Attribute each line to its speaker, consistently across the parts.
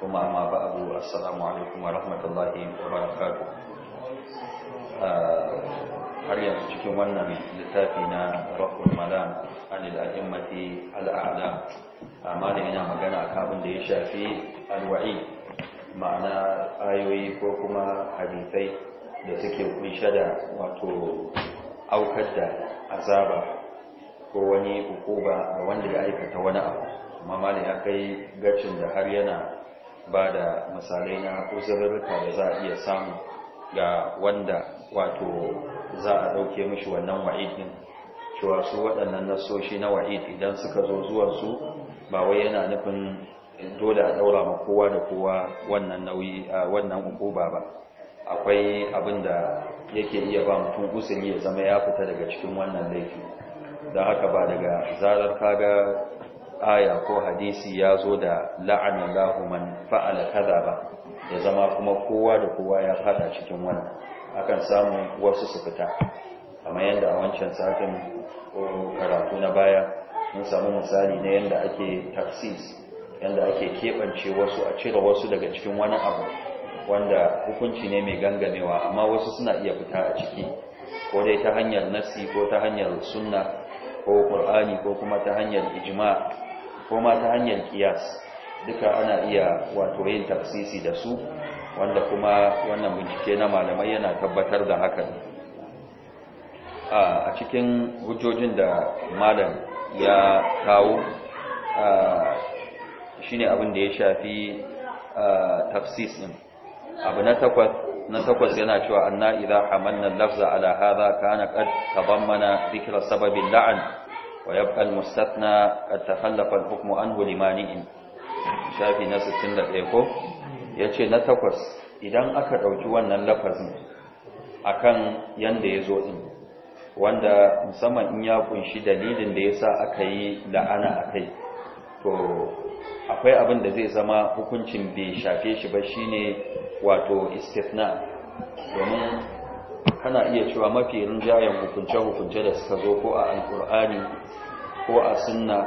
Speaker 1: kuma amma ba abu assalamu alaikum wa rahmatullahi wa barakatu ah, har yanzu cikin wannan littafi na rahul malam anil a'immati al'adam ah, amma da magana akan kabin da ya shafi alwa'i ma'ana ayoyi ko kuma hadisai da suke kunshe da wato aukar da azaba ko wani hukuba ga wanda ya aikata wani abu amma malam ya kai gacin da har yana ba da misalai na uzurruka da za a iya samu ga wanda wato za a ɗauke mishi wannan wa'id cewa su waɗannan nasoshi na wa'id idan suka zo zuwansu ba wai yana nufin dole a ɗaura ma kowa da kowa wannan nauyi a wannan hukuba ba akwai abin da yake iya ba mutum usuli ya zama ya fita daga cikin wannan laifi don haka ba daga zarar kaga aya ko hadisi ya zo da la'ana lahu man fa'ala kaza ba ya zama kuma kowa da kowa ya fada cikin wannan akan samu wasu su fita kamar yadda a wancan satin ko karatu na baya mun samu misali na yadda ake taksis yadda ake keɓance wasu a cire wasu daga cikin wani abu wanda hukunci ne mai gangamewa amma wasu suna iya fita a ciki ko dai ta hanyar nasi ko ta hanyar sunna ko ƙur'ani ko kuma ta hanyar ijma ko ma ta hanyar kiyas duka ana iya wato yin tafsisi da su wanda kuma wannan bincike na malamai yana tabbatar da hakan a cikin hujjojin da malam ya kawo shine abin da ya shafi tafsisin. abu na takwas na takwas yana cewa anna idza hamanna lafza ala hadha kana qad mana dhikra sababin la'an ويبقى المستثنى قد تخلف الحكم عنه لمانع shafi na 61 ko yace na takwas idan aka dauki wannan lafazin akan yanda yazo din wanda musamman in ya kunshi dalilin da yasa aka yi la'ana akai to akwai abin da zai zama hukuncin bai shafe shi ba shine wato istithna domin kana iya cewa mafi rinjayen hukunce-hukunce da suka zo ko a alkur'ani ko a sunna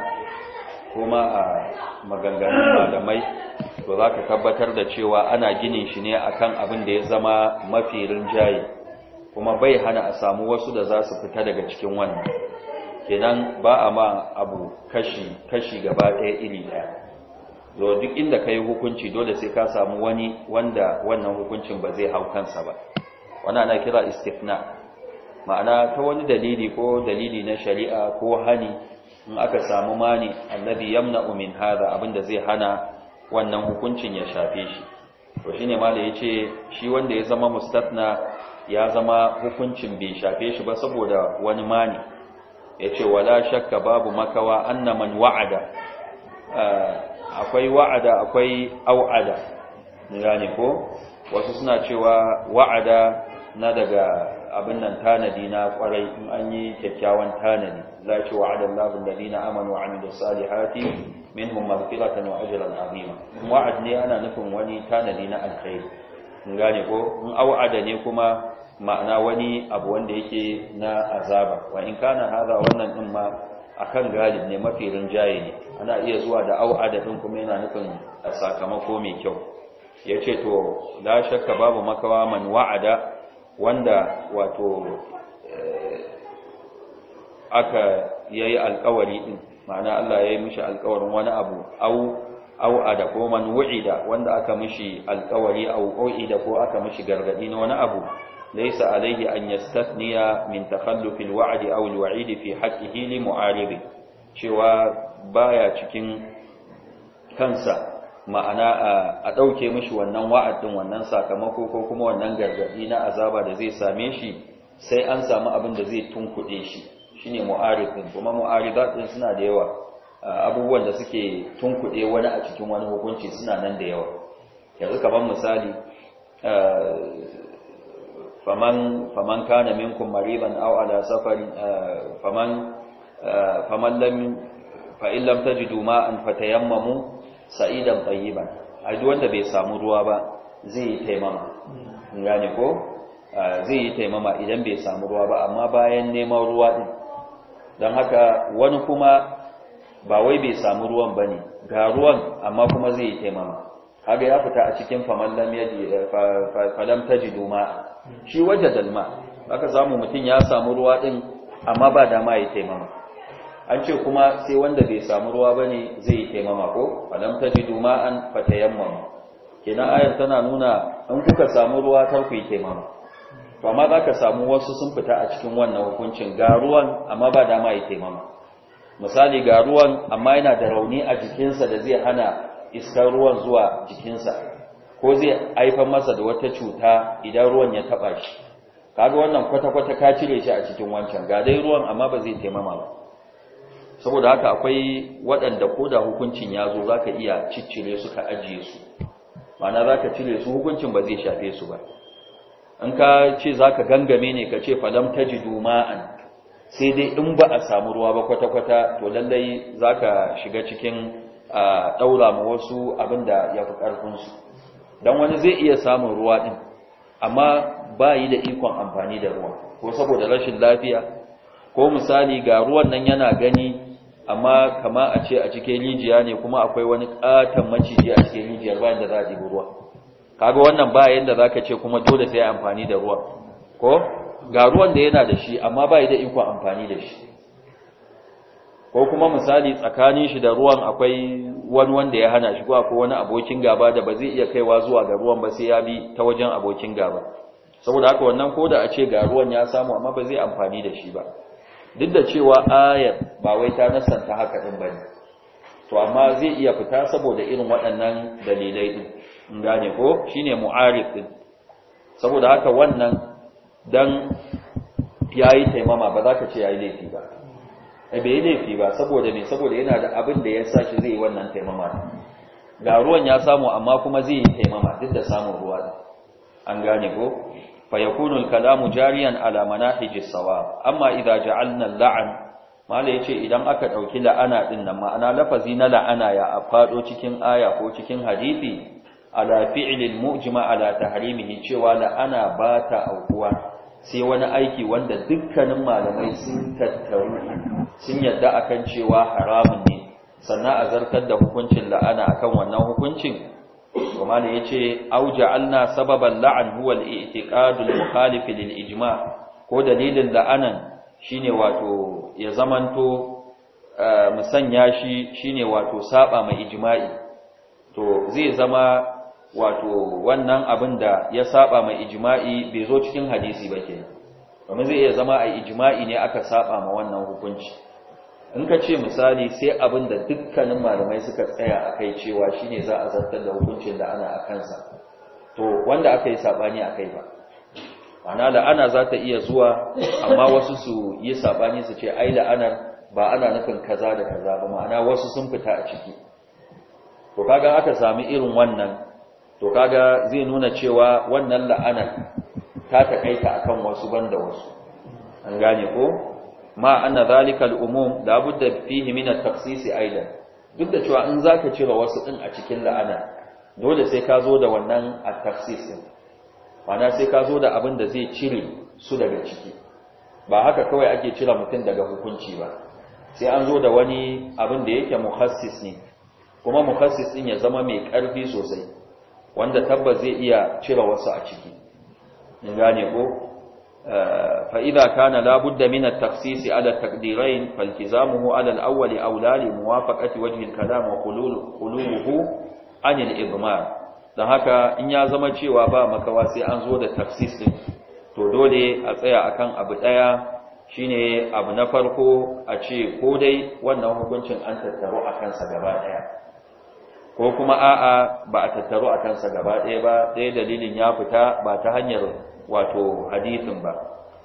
Speaker 1: ko ma a maganganun malamai to za ka tabbatar da cewa ana ginin shi ne a kan abin da ya zama mafi rinjaye kuma bai hana a samu wasu da za su fita daga cikin wannan kenan ba a ma abu kashi gaba ɗaya iri ɗaya zo duk inda ka yi hukunci dole sai ka samu wani wanda wannan hukuncin ba zai hau kansa ba wannan ana kira istifna ma'ana ta wani dalili ko dalili na shari'a ko hani in aka samu mani annabi yamna'u min hada abinda zai hana wannan hukuncin ya shafe shi to shine ma da yace shi wanda ya zama mustatna ya zama hukuncin bai shafe shi ba saboda wani mani yace wala shakka babu makawa anna man wa'ada eh, akwai wa'ada akwai au'ada
Speaker 2: ne ko wasu suna cewa wa'ada na daga abin nan tanadi na kwarai in an yi kyakkyawan tanadi za ki wa'ada
Speaker 1: da dina amanu wa amilu salihati minhum maghfiratan wa ajran azima wa'ad ne ana nufin wani tanadi na alkhairi in gane ko in au'ada ne kuma ma'ana wani abu wanda yake na azaba wa in kana hada wannan din ma akan galib ne mafi rinjaye ne ana iya zuwa da au'ada din kuma yana nufin sakamako mai kyau yace to la shakka babu makawa man wa'ada wanda wato eh, aka yayi alkawari din ma'ana Allah yayi mishi alkawarin wani abu au au ada ko man wu'ida wanda aka mishi alkawari au qau'ida ko aka mishi gargadi na wani abu laysa alayhi an yastathniya min takhalluf alwa'd aw alwa'id fi haqqihi li mu'aribi cewa baya cikin kansa ma'ana a ɗauke mishi wannan wa'adin wannan sakamako ko kuma wannan gargaɗi na azaba da zai same shi sai an samu abin da zai tunkuɗe shi shine mu'arifin kuma mu'aridatin suna da yawa abubuwan da suke tunkuɗe wani a cikin wani hukunci suna nan da yawa yanzu kamar misali faman kana minkum mariban aw ala safari faman faman lam fa in lam tajidu ma'an fatayammamu sa'idan tayyiban a duk wanda bai samu ruwa ba zai yi taimama gane ko zai yi taimama idan bai samu ruwa ba amma bayan neman ruwa din don haka wani kuma ba wai bai samu ruwan ba ne. ga ruwan amma kuma zai yi taimama haka ya fita a cikin faman lam yaji eh, shi wajadal ma haka zamu mutum ya samu ruwa din amma ba dama ya taimama an ce kuma sai wanda bai samu ruwa bane zai yi taimama ko falam tajidu ma'an yamma. kenan ayar tana nuna in kuka samu ruwa kar ku yi taimama to amma za ka samu wasu sun fita a cikin wannan hukuncin ga ruwan amma ba dama yi taimama misali ga ruwan amma yana da rauni a jikinsa da zai hana iskar ruwan zuwa jikinsa ko zai haifar masa da wata cuta idan ruwan ya taɓa shi kaga wannan kwata-kwata ka cire shi a cikin wancan ga dai ruwan amma ba zai taimama ba saboda haka akwai waɗanda ko da hukuncin ya zo za ka iya ciccire su ka ajiye su mana za ka cire su hukuncin ba zai shafe su ba in ka ce za ka gangame ne ka ce falam ta ji duma'an sai dai in ba a samu ruwa ba kwata-kwata to lallai za ka shiga cikin ɗaura ma wasu abin da ya fi ƙarfinsu don wani zai iya samun ruwa ɗin amma ba yi da ikon amfani da ruwa ko saboda rashin lafiya ko misali ga ruwan nan yana gani amma kama a ce a cikin rijiya ne kuma akwai wani katon maciji a cikin rijiyar bayan da za a ɗibi ruwa kaga wannan ba yadda za ka ce kuma dole sai amfani da ruwa ko ga ruwan da yana da shi amma ba da ikon amfani da shi ko kuma misali tsakanin shi da ruwan akwai wani wanda ya hana shi ko wani abokin gaba da ba zai iya kaiwa zuwa ga ruwan ba sai ya bi ta wajen abokin gaba saboda haka wannan ko da a ce ga ruwan ya samu amma ba zai amfani da shi ba duk da cewa ayar ba wai ta nasanta haka din ba ne, to amma zai iya fita saboda irin waɗannan dalilai din in gane ko shine mu'arif din saboda haka wannan dan yayi taimama ba za ka ce yayi laifi ba eh bai laifi ba saboda me saboda yana da abin da ya sa shi zai wannan taimama ga ruwan ya samu amma kuma zai yi taimama duk da samun ruwa an gane ko فيكون الكلام جاريا على مناهج الصواب اما اذا جعلنا اللعن ما له yace idan aka dauki la'ana din nan ma'ana lafazi na la'ana ya afado cikin aya ko cikin hadisi ala fi'lil mujma ala tahrimihi cewa la'ana ba ta aukuwa sai wani aiki wanda dukkanin malamai sun tattaru sun yadda akan cewa haramun ne sannan a zartar da hukuncin la'ana akan wannan hukuncin to yace "Auja allah sababan la'an huwa al-i'tiqad lil-ijma' ko dalilin la'anan shine wato ya zamanto eh, musanya shi shine wato saba mai ijma'i to zai zama wato wannan abin da ya saba mai ijma'i bai zo cikin hadisi ba kenan kuma zai iya zama a ijma'i ne aka saba ma wannan hukunci in ka ce misali sai abin da dukkanin malamai suka tsaya a kai cewa shi ne za a zartar da hukuncin da ana a kansa to wanda aka yi saɓani a kai ba ana la'ana za ta iya zuwa amma wasu su yi saɓani su ce ai la'anar ba ana nufin kaza da kaza ba ma'ana wasu sun fita a ciki to kaga aka sami irin wannan to kaga zai nuna cewa wannan la'anar ta taƙaita akan wasu banda wasu an gane ko ma anna zalika al-umum la budda fihi min at-takhsis aidan duk da cewa in zaka cire wasu din a cikin la'ana dole sai ka zo da wannan at-takhsis din ma'ana sai ka zo da abin da zai cire su daga ciki ba haka kawai ake cire mutum daga hukunci ba sai an zo da wani abin da yake muhassis ne kuma muhassis din ya zama mai karfi sosai wanda tabbas zai iya cire wasu a ciki in gane ko فإذا كان لا بد من التخصيص على التقديرين فالتزامه على الأول أولى لموافقة وجه الكلام وخلوه عن الإضمار don haka in ya zama cewa ba makawa sai an zo da taksis din to dole a tsaya akan abu daya shine abu na farko a ce ko dai wannan hukuncin an tattaro a kansa gaba daya ko kuma a'a ba a tattaro a kansa gaba daya ba dai dalilin ya fita ba ta hanyar wato hadisin ba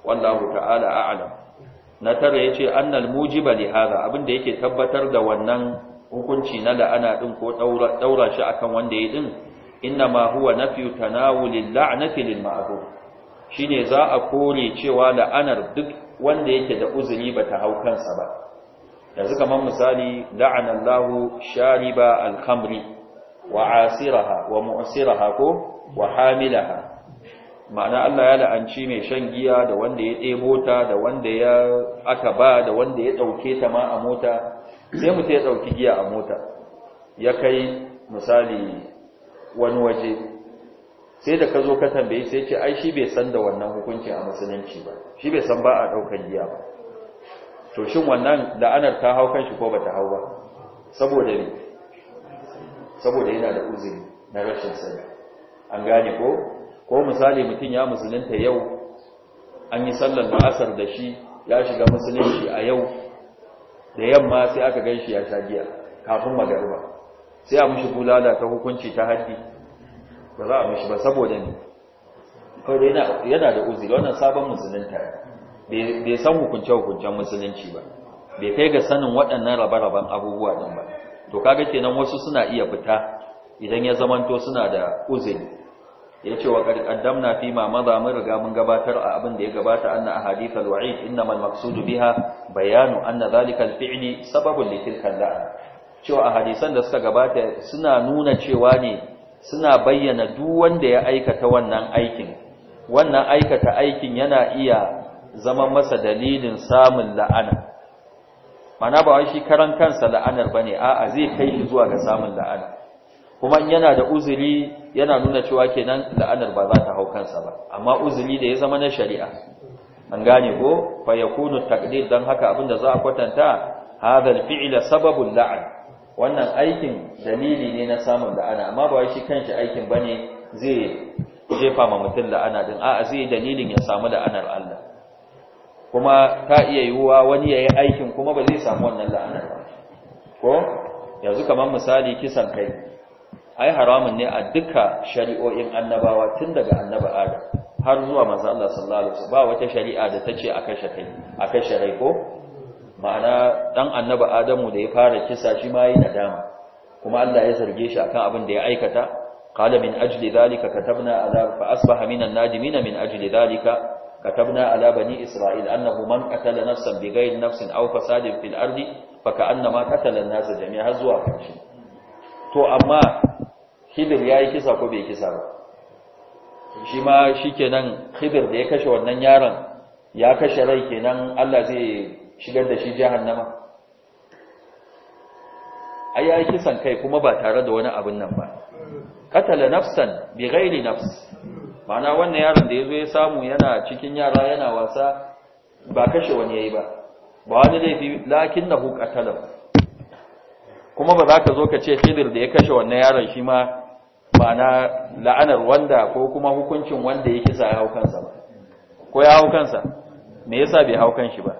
Speaker 1: wallahu ta'ala a'lam na tara yace annal mujiba li hada abinda yake tabbatar da wannan hukunci na la'ana din ko daura daura shi akan wanda yayi din inna ma huwa nafyu tanawulil la'nati lil ma'dud shine za a kore cewa la'anar duk wanda yake da uzuri bata hau kansa ba yanzu kamar misali la'anallahu Allahu shariba al-khamri wa asiraha wa mu'siraha ko wa hamilaha
Speaker 2: ma'ana Allah ya la'anci mai shan giya da wanda ya ɗebo ta da wanda ya aka ba da wanda ya ɗauke
Speaker 1: ta ma a mota sai mu ya ɗauki giya a mota ya kai misali wani waje sai da ka zo ka tambaye sai ce ai shi bai san da wannan hukunci a musulunci ba shi bai san ba a ɗaukan giya ba to shin wannan la'anar ta hau kanshi ko ba ta hau ba saboda ne saboda yana da uzuri na rashin sani an gane ko ko misali mutum ya musulunta yau an yi sallar ma'asar da shi ya shiga musulunci a yau da yamma sai aka gan shi ya shagiya kafin magarba sai a mishi bulala ta hukunci ta haddi ba za a mushi ba saboda ne kawai yana da uzuri wannan sabon musulunta bai san hukunce-hukuncen musulunci ba bai kai ga sanin waɗannan rabe-raben abubuwa ɗin ba to kaga kenan wasu suna iya fita idan ya zamanto suna da uzuri yace wa qad qaddamna fi ma madha mun riga mun gabatar a abin da ya gabata anna ahadith alwa'id waid innama al biha bayanu anna dhalika alfi'li fili sababun li tilka al'a cewa ahadisan da suka gabata suna nuna cewa ne suna bayyana duk wanda ya aikata wannan aikin wannan aikata aikin yana iya zama masa dalilin samun la'ana mana ba wai shi karan kansa la'anar bane a'a zai kai zuwa ga samun la'ana kuma yana da uzuri yana nuna cewa kenan la'anar ba za ta hau kansa ba amma uzuri da ya zama na shari'a an gane ko fa yakunu taqdir dan haka abinda za a kwatanta hadal al-fi'la sababul la'an wannan aikin dalili ne na samun la'ana amma ba wai shi kanshi aikin bane zai jefa ma mutum la'ana din a'a zai dalilin ya samu la'anar Allah kuma ta iya yiwuwa wani yayi aikin kuma ba zai samu wannan la'anar ba ko yanzu kamar misali kisan kai ai haramun ne a duka shari'o'in annabawa tun daga annaba adam har zuwa manzo Allah sallallahu alaihi wasallam ba wata shari'a da tace a kashe kai a kashe rai ko ma'ana dan annaba adamu da ya fara kisa shi ma yi nadama kuma Allah ya zarge shi akan abin da ya aikata qala min ajli dhalika katabna ala fa asbaha minan nadimin min ajli dhalika katabna ala bani isra'il annahu man qatala nafsan bighayri nafsin aw fasadin fil ardi fa ka'annama qatala an jami'a zuwa karshe to amma hidir ya yi kisa ko bai kisa ba shi ma shi kenan hidir da ya kashe wannan yaron ya kashe rai kenan allah zai shigar da shi jahannama a ya yi kisan kai kuma ba tare da wani abin nan ba katala nafsan bi gairi nafs ma'ana wannan yaron da ya zo ya samu yana cikin yara yana wasa ba kashe wani ya yi ba ba wani laifi lakin na hukatalar kuma ba za ka zo ka ce khidir da ya kashe wannan yaron shi ma Ba na la'anar wanda ko kuma hukuncin wanda ya kisa ya hau kansa ba ko ya hau kansa me yasa bai hau kanshi ba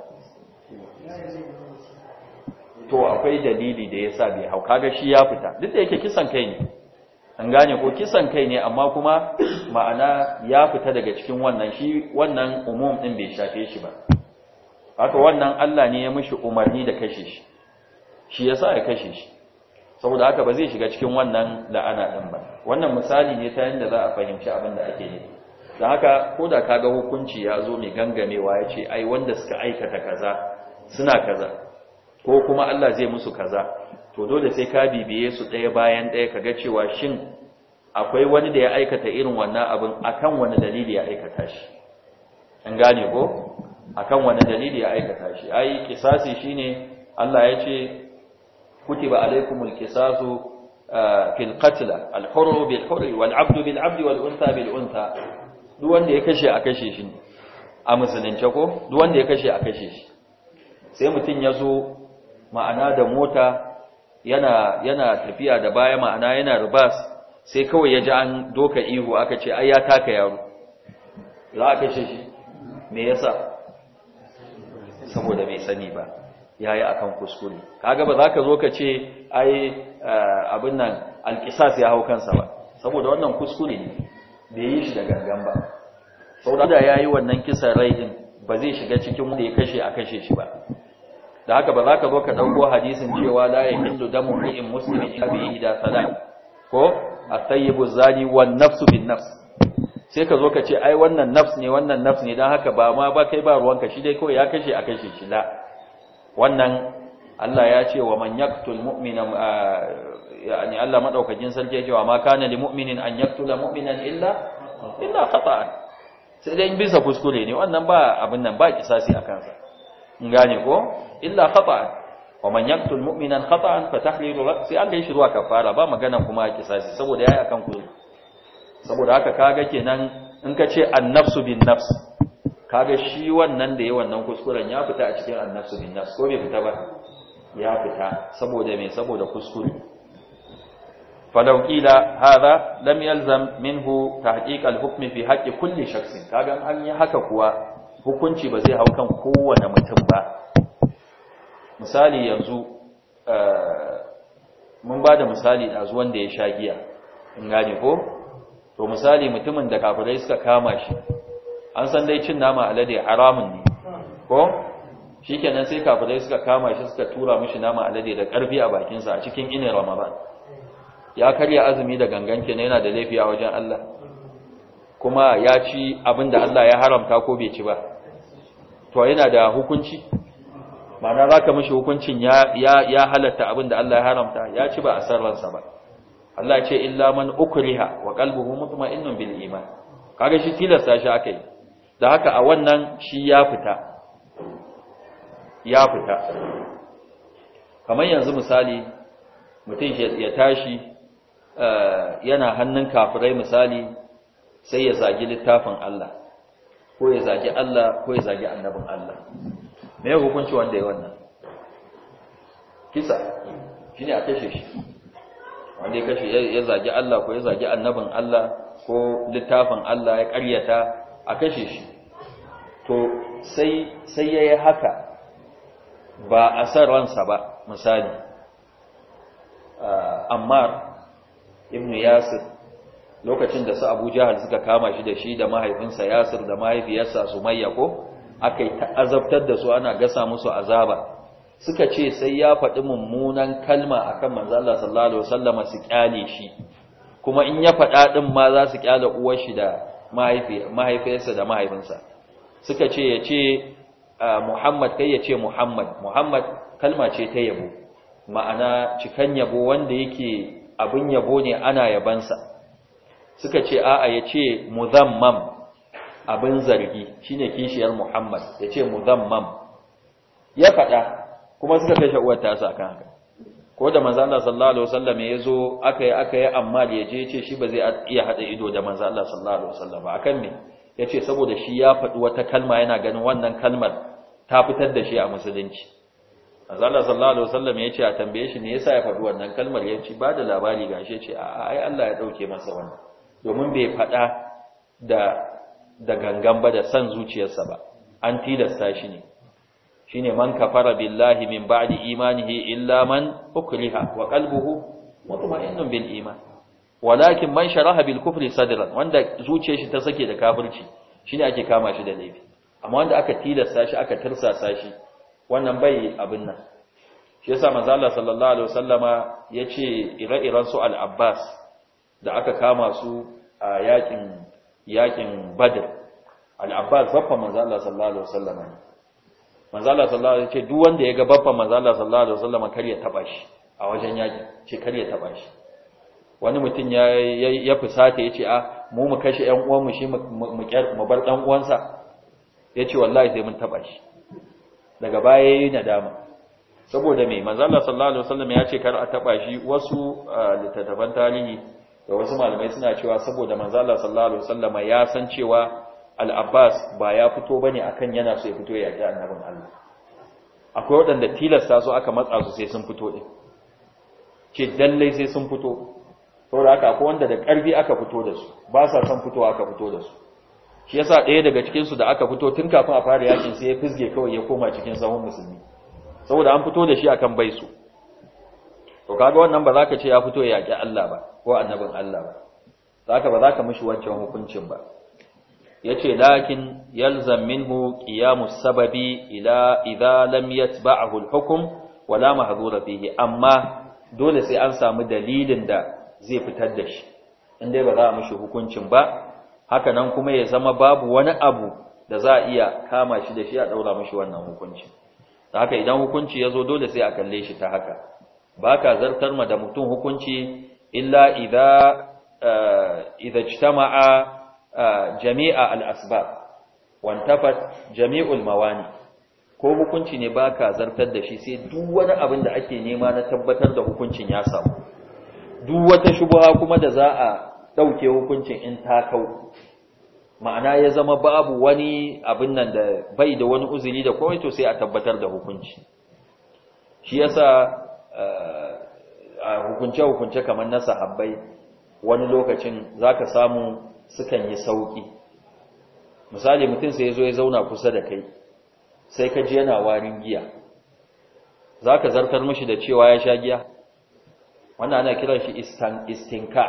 Speaker 1: to akwai dalili da yasa bai hau kaga shi ya fita duk da yake kisan kai ne an gane ko kisan kai ne amma kuma ma'ana ya fita daga cikin wannan shi wannan umum din bai shafe shi ba haka wannan Allah ne ya mishi umarni da kashe shi shi yasa ya kashe shi saboda haka ba zai shiga cikin wannan da ana ɗin ba wannan misali ne ta yadda za a fahimci abin da ake yi da haka ko da ka ga hukunci ya zo mai gangamewa ya ce ai wanda suka aikata kaza suna kaza ko kuma Allah zai musu kaza to dole sai ka bibiye su ɗaya bayan ɗaya ka ga cewa shin akwai wani da ya aikata irin wannan abin akan wani dalili ya aikata shi an gane ko akan wani dalili ya aikata shi ai kisasi shine Allah ya ce kutiba alaikumul qisasu fil qatl al hurru bil hurri wal abdu bil abdi wal untha bil untha ya kashe a kashe shi a musulunce ko duk ya kashe a kashe shi sai mutum ya zo ma'ana da mota yana tafiya da baya ma'ana yana bas. sai kawai ya ji an doka ihu aka ce ai ya taka yaro Za'a kashe shi me yasa saboda bai sani ba yayi akan kuskure kaga ba za ka zo ka ce ai eh, abin nan alqisas ya hau kansa ba saboda wannan kuskure ne bai yi shi da gangan ba saboda yayi wannan kisan rai din ba zai shiga cikin wanda ya kashe a kashe shi ba da haka ba za ka zo ka dauko hadisin cewa la Hindu, damu mu'min muslimin illa bi ihda salat ko at-tayyibu zani wan nafsu bin nafs sai ka zo ka ce ai wannan nafs ne wannan nafs ne dan haka ba ma ba kai ba ruwanka shi dai kawai ya kashe a kashe shi la wannan Allah ya ce wa man yaqtul mu'mina uh, yani Allah madaukakin sarki yake wa ma kana lil mu'minin an yaqtula mu'minan illa illa qata'an sai dai bisa kuskure ne wannan ba abin nan ba kisasi akan sa in gane ko illa qata'an wa man yaqtul mu'minan qata'an fa tahlilu ra'si an da shi ruwa kafara ba magana kuma kisasi saboda yayi akan kuskure saboda haka kaga kenan in ka ce an-nafsu bin-nafs kaga shi wannan da yawan wannan kuskuren ya fita a cikin annasu bin nas ko bai fita ba ya fita saboda me saboda kuskure falau qila hadha lam yalzam minhu tahqiq al-hukm fi haqqi kulli shakhsin kaga an yi haka kuwa hukunci ba zai hau kan kowane mutum ba misali yanzu eh, mun ba da misali da zuwan da ya sha giya in gane ko to misali mutumin da kafirai suka kama shi an san dai cin nama alade haramun ne ko shikenan sai kafirai suka kama shi suka tura mishi nama alade da karfi a bakin sa a cikin inin ramadan ya karya azumi da gangan ne yana da laifi a wajen Allah kuma ya ci abin Allah ya haramta ko bai ci ba to yana da hukunci ma'ana ka mishi hukuncin ya ya halatta abin da Allah ya haramta ya ci ba a sarransa ba Allah ce illa man ukriha wa qalbuhu mutma'innun bil iman kaga shi tilasta shi akai da haka a wannan shi ya fita ya fita kamar yanzu misali mutum ya tashi eh, yana hannun kafirai misali sai ya zagi littafin Allah ko ya zagi Allah ko ya zagi annabin Allah me ya hukunci wanda ya wannan kisa shine a kashe shi wanda ya kashe ya zagi Allah ko ya zagi annabin Allah ko littafin Allah ya karyata a kashe shi to sai sai yayi haka ba a san ransa ba misali ah, Ammar ibn Yasir lokacin da su Abu Jahal suka kama shi da shi da mahaifinsa Yasir da mahaifiyarsa Sumayya ko akai azabtar da su ana gasa musu azaba suka ce sai ya faɗi mummunan kalma akan manzo Allah sallallahu wasallama su kyale shi kuma in ya faɗa din ma za su kyale uwar shi da mahaifiyarsa da mahaifinsa suka ce ya ce ah, Muhammad kai ya ce Muhammad Muhammad kalma ce ta yabo ma'ana cikan yabo wanda yake abin yabo ne ana yabansa suka ce a'a ya ce muzammam abin zargi shine kishiyar Muhammad ya ce muzammam ya faɗa kuma suka kai uwar tasa kan haka ko da manzo Allah sallallahu alaihi wasallam ya zo aka yi aka yi amma da ya je ya ce shi ba zai iya haɗa ido da manzo Allah sallallahu alaihi wasallam akan ne. yace saboda shi ya faɗi wata kalma yana ganin wannan kalmar ta fitar da shi a musulunci azalla sallallahu alaihi wasallam yace a tambaye shi me yasa ya faɗi wannan kalmar yace ba da labari gashi yace a ai Allah ya dauke masa wannan domin bai faɗa da da gangan ba da san zuciyarsa ba an tilasta shi ne shine man kafara billahi min ba'di imanihi illa man ukriha wa qalbuhu mutma'innun bil iman walakin man sharaha bil kufri sadran wanda zuciyar shi ta sake da kafirci shine ake kama shi da laifi amma wanda aka tilasta shi aka tirsasa shi wannan bai abin nan shi yasa manzo Allah sallallahu alaihi wasallama yace ire-iren su al-Abbas da aka kama su a yakin yakin Badr al-Abbas baffa manzo Allah sallallahu alaihi wasallama manzo Allah sallallahu alaihi yace duk wanda ya ga baffa manzo Allah sallallahu alaihi wasallama kar ya taba shi a wajen yaki ce kar ya taba shi wani mutum ya fusata ya ce a ah, mu mu kashe ‘yan mu shi mu bar ɗan uwansa ya ce wallahi sai mun taɓa shi daga baya ya nadama saboda mai manzala sallallahu alaihi wasallam ya ce kar a taba shi wasu litattafan tarihi da wasu malamai suna cewa saboda manzala sallallahu alaihi wasallam ya san cewa al-abbas ba ya fito bane akan yana so ya fito ya ji annabin Allah akwai waɗanda tilasta su aka matsa su sai sun fito din ce dallai sai sun fito saboda haka ko wanda da ƙarfi aka fito da su ba sa san fitowa aka fito da su shi yasa ɗaya daga cikin su da aka fito tun kafin a fara yakin sai ya fizge kawai ya koma cikin sahun musulmi saboda an fito da shi akan bai su. to kaga wannan ba za ka ce ya fito ya yaƙi Allah ba ko annabin Allah ba zaka ba za ka mishi wancan hukuncin ba Ya ce lakin yalzam minhu qiyamus sababi ila idza lam yatba'ahu al-hukm wala mahdura fihi amma dole sai an samu dalilin da zai fitar da shi in dai ba za a mishi hukuncin ba haka nan kuma ya zama babu wani abu da za a iya kama shi da shi a daura mishi wannan hukuncin da haka idan hukunci ya zo dole sai a kalle shi ta haka ba ka zartar ma da mutum hukunci illa idza eh, idza eh, jami'a al-asbab wantafat jami'ul mawani ko hukunci ne ba ka zartar da shi sai duk wani abin da ake nema na tabbatar da hukuncin ya samu duk wata shubha kuma da za a dauke hukuncin in ta kau ma'ana ya zama babu wani abin nan da bai da wani uzuri da kowai, to sai a tabbatar da hukunci shi yasa eh, a hukunce hukunce kamar na sahabbai wani lokacin zaka samu sukan yi sauki misali mutum sai yazo ya zauna kusa da kai sai ka ji yana warin giya zaka zartar mishi da cewa ya sha giya wannan ana kiran shi istinka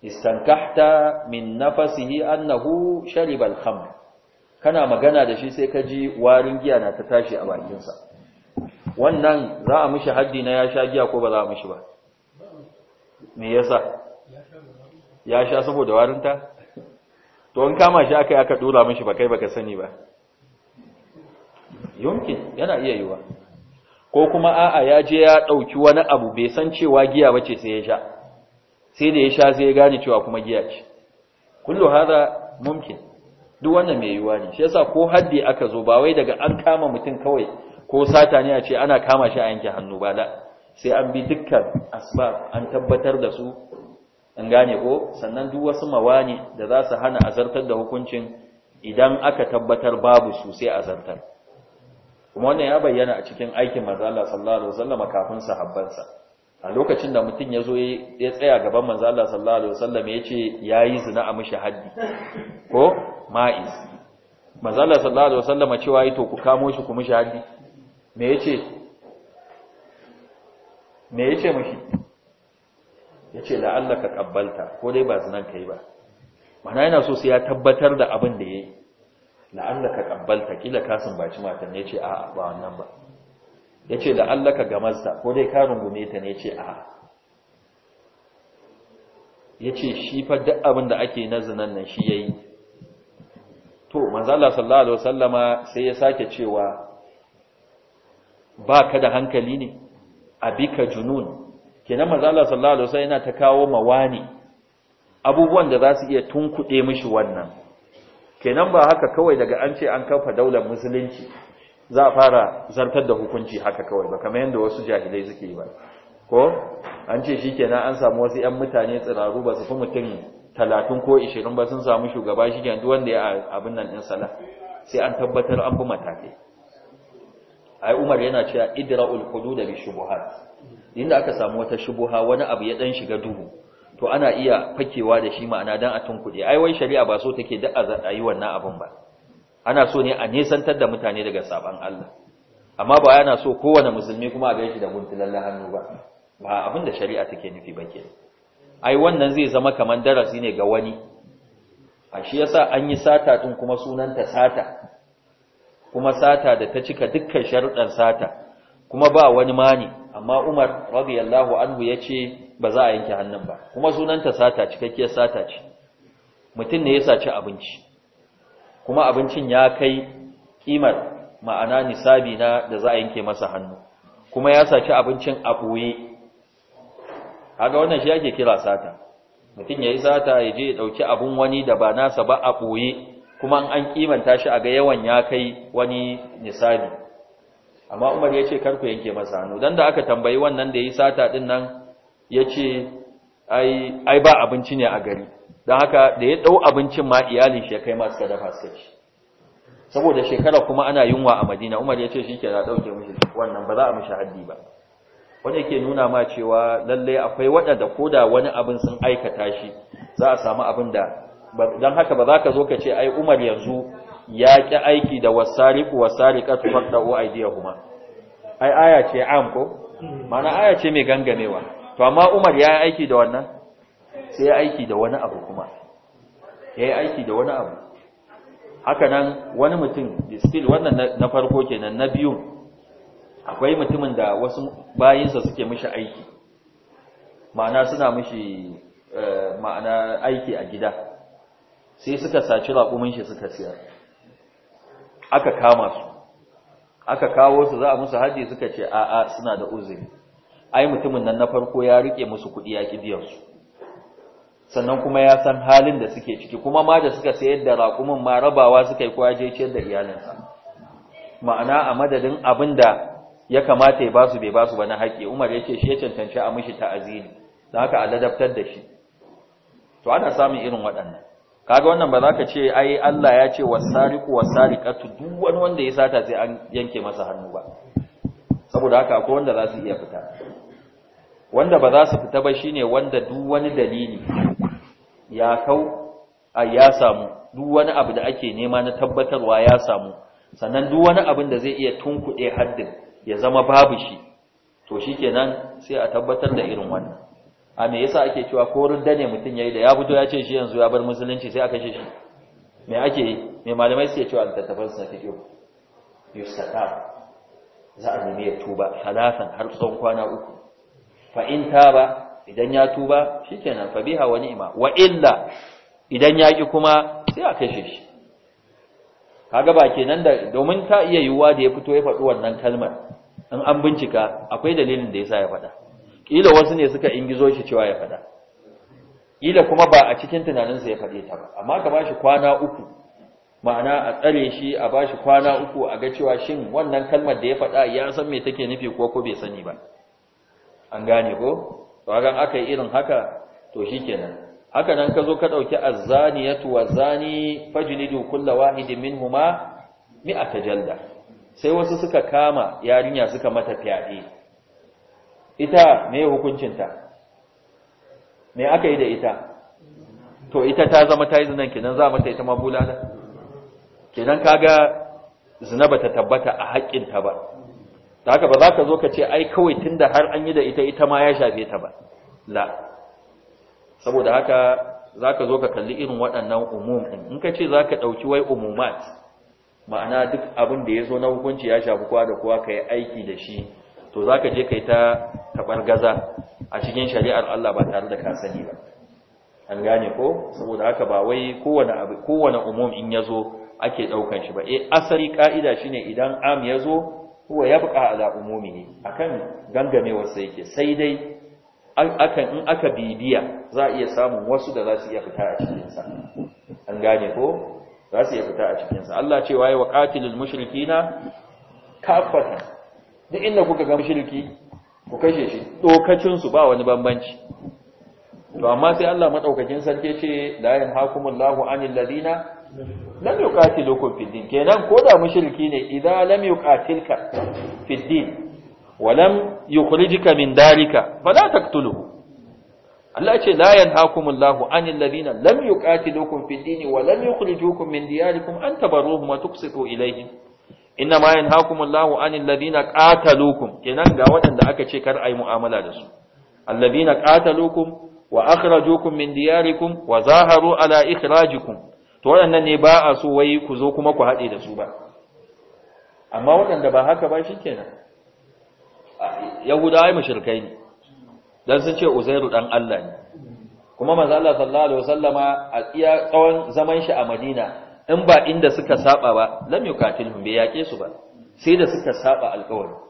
Speaker 1: istankahta min nafasihi annahu shariba al kana magana da shi sai ka ji warin giya na ta tashi a bakinsa wannan za a mishi haddi na ya sha giya ko ba za a mishi ba me yasa ya sha saboda warinta to in kama shi aka yi aka dora mishi ba kai baka sani ba Yunkin yana iya yiwa ko kuma a'a ya je ya ɗauki wani abu bai san cewa giya ba ce sai ya sha sai da ya sha sai ya gane cewa kuma giya ce kullu haza mumkin duk wannan mai yiwuwa ne shi yasa ko haddi aka zo ba wai daga an kama mutum kawai ko sata ne a ce ana kama shi a yanke hannu ba da sai an bi dukkan asbab an tabbatar da su an gane ko sannan duk wasu mawani da za su hana azartar da hukuncin idan aka tabbatar babu su sai azartar kuma wannan ya bayyana a cikin aikin manzo Allah sallallahu alaihi wasallam kafin sahabbansa a lokacin da mutum ya ya tsaya gaban manzo Allah sallallahu alaihi wasallam ya ce yayi zina a mishi haddi ko ma'is manzo Allah sallallahu alaihi wasallam cewa yi to ku kamo shi ku mishi haddi me yace me yace mishi yace la'allaka qabbalta ko dai ba zinan kai ba mana yana so sai ya tabbatar da abin da yayi la'allaka qabbalta kila ka sumbaci matan yace a ba wannan ba yace la'allaka gamarsa ko dai ka rungume ta ne yace a yace shi fa duk abin da ake na nan shi yayi to manzo Allah sallallahu alaihi wasallama sai ya sake cewa ba ka da hankali ne abika junun kenan manzo Allah sallallahu alaihi wasallama yana ta kawo mawani abubuwan da za su iya tunkuɗe mishi wannan kenan ba haka kawai daga an ce an kafa daular musulunci za a fara zartar da hukunci haka kawai ba kamar yadda wasu jahilai suke yi ba ko an ce kenan an samu wasu 'yan mutane tsiraru ba su fi mutum talatin ko ishirin ba sun samu shugaba shikenan duk wanda ya abin nan ɗin sala sai an tabbatar an bi matakai ai Umar yana cewa idra'ul hudud bi shubuhat inda aka samu wata shubuha wani abu ya dan shiga duhu to ana iya fakewa da shi ma'ana dan a tunkuɗe ai wai shari'a ba so take da a yi wannan abin ba ana so ne a nesantar da mutane daga saban Allah amma ba yana so kowane musulmi kuma a gaishe da guntulan hannu ba ba abin da shari'a take nufi ba ke ai wannan zai zama kamar darasi ne ga wani a shi yasa an yi sata din kuma sunanta sata kuma sata da ta cika dukkan sharuɗan sata kuma ba wani mani amma Umar radiyallahu anhu yace ba za a yanke hannun ba kuma sunanta sata cikakkiyar sata ce mutum ne ya saci abinci kuma abincin ya kai kimar ma'ana nisabi na da za a yanke masa hannu kuma ya saci abincin a ɓoye haga wannan shi ake kira sata mutum ya yi sata ya je ya ɗauki abin wani da ba nasa ba a ɓoye kuma an kimanta shi a ga yawan ya kai wani nisabi amma umar ya ce karku yanke masa hannu don da aka tambayi wannan da ya yi sata ɗin nan ya ce ai ba abinci ne a gari don haka da ya ɗau abincin ma iyalin shi ya kai masu dafa suka ci saboda shekara kuma ana yunwa a madina umar ya ce shi ke na ɗauke mishi wannan ba za a mishi haddi ba wanda yake nuna ma cewa lallai akwai waɗanda ko da wani abin sun aikata shi za a samu abin da don haka ba za ka zo ka ce ai umar yanzu ya ƙi aiki da wasari wasari ku wasariku o idea kuma. ai aya ce am ko mana aya ce mai gangamewa to amma Umar ya yi aiki da wannan sai ya aiki da wani abu kuma ya yi aiki da wani abu haka nan wani mutum still wannan na farko kenan na biyu akwai mutumin da wasu bayinsa suke mishi aiki ma'ana suna mishi eh, ma'ana aiki a gida sai suka saci raƙumin shi suka siyar aka kama su aka kawo su za a musu haji suka ce a'a suna da uzuri ai mutumin nan na farko ya rike musu kuɗi ya kidiyar su sannan kuma ya san halin da suke ciki kuma ma da suka sayar da raƙumin ma rabawa suka yi kowa je ciyar da iyalinsa ma'ana a madadin abin da ya kamata ya basu bai basu ba na haƙƙi umar ya ce shi ya cancanci a mishi ta'azini don haka a ladabtar da shi to ana samun irin waɗannan kaga wannan ba za ka ce ai Allah ya ce wasariku wasariqatu duk wani wanda ya sata sai an yanke masa hannu ba saboda haka akwai wanda za su iya fita wanda ba za su fita ba shine wanda duk wani dalili ya kau a ya samu duk wani abu da ake nema na tabbatarwa ya samu sannan duk wani abin da zai iya tunkuɗe haddin ya zama babu shi to shikenan sai a tabbatar da irin wannan a me yasa ake cewa ko rudda ne mutum yayi da ya fito ya ce shi yanzu ya bar musulunci sai aka kashe shi me ake yi me malamai suke cewa littattafan sa yau yusata za a nemi ya tuba halafan har tsawon kwana uku fa in taba idan ya tuba shikenan fa biha wa ni'ma wa illa idan ya ki kuma sai a kashe shi kaga ba kenan da domin ta iya yiwuwa da ya fito ya faɗi wannan kalmar in an bincika akwai dalilin da yasa ya faɗa kila wasu ne suka ingizo shi cewa ya faɗa kila kuma ba a cikin tunanin sa ya faɗe ta ba amma ka bashi kwana uku ma'ana a tsare shi a bashi kwana uku a ga cewa shin wannan kalmar da ya faɗa ya san me take nufi ko ko bai sani ba an gane ko to hakan aka yi irin haka to shikenan haka nan ka zo ka ɗauki azzaniyatu wa zani fajlidu kullu wahidin minhuma mi'ata jalda sai wasu suka kama yarinya suka mata fyaɗe ita me hukuncinta me aka yi da ita to ita ta zama ta yi zinan kenan za mata ita mabulala kenan kaga zina bata tabbata a haƙƙinta ba da haka ba za ka zo ka ce ai kawai tunda har an yi da ita ita ma ya shafe ta ba la saboda haka za ka zo ka kalli irin waɗannan umum in ka ce za ka ɗauki wai umumat ma'ana duk abin da ya zo na hukunci ya shafi kowa da kowa ka yi aiki da shi to za ka je ka yi ta taɓar gaza a cikin shari'ar Allah ba tare da ka sani ba an gane ko saboda haka ba wai kowane umum in ya zo ake ɗaukan shi ba E asali ƙa'ida shine idan am ya zo huwa yabqa ala umumihi akan gangamewar sai yake sai dai akan in aka bibiya za a iya samun wasu da za su iya fita a cikinsa. an gane ko za su iya fita a Allah ce Allah cewa ya waqatilul mushrikina kafata duk inda kuka ga mushriki ku kashe shi dokacin su ba wani bambanci to amma sai Allah madaukakin sarki ce la yanhaakumullahu anil ladina lam yuqatilukum fid din kenan ko da mushriki ne idan lam yuqatilka fid din wa lam yukhrijka min dalika fala taqtuluhu Allah ce la yanhaakumullahu anil ladina lam yuqatilukum fid din wa lam yukhrijukum min diyarikum an tabarruhum wa tuqsitu ilayhim inna ma yanhaakumullahu anil ladina qataluukum kenan ga waɗanda aka ce kar ai mu'amala da su alladina qataluukum wa akhrajukum min diyarikum wa zaharu ala ikhrajikum to waɗannan ne ba a so wai ku zo kuma ku haɗe da su ba amma waɗanda ba haka ba shi kenan Yahuda ai mushrikai ne dan sun ce uzairu ɗan Allah ne kuma manzo Allah sallallahu alaihi wasallama a iya tsawon zaman shi a Madina in ba inda suka saba ba lam yukatilhum bi yaqe su ba sai da suka saba alƙawari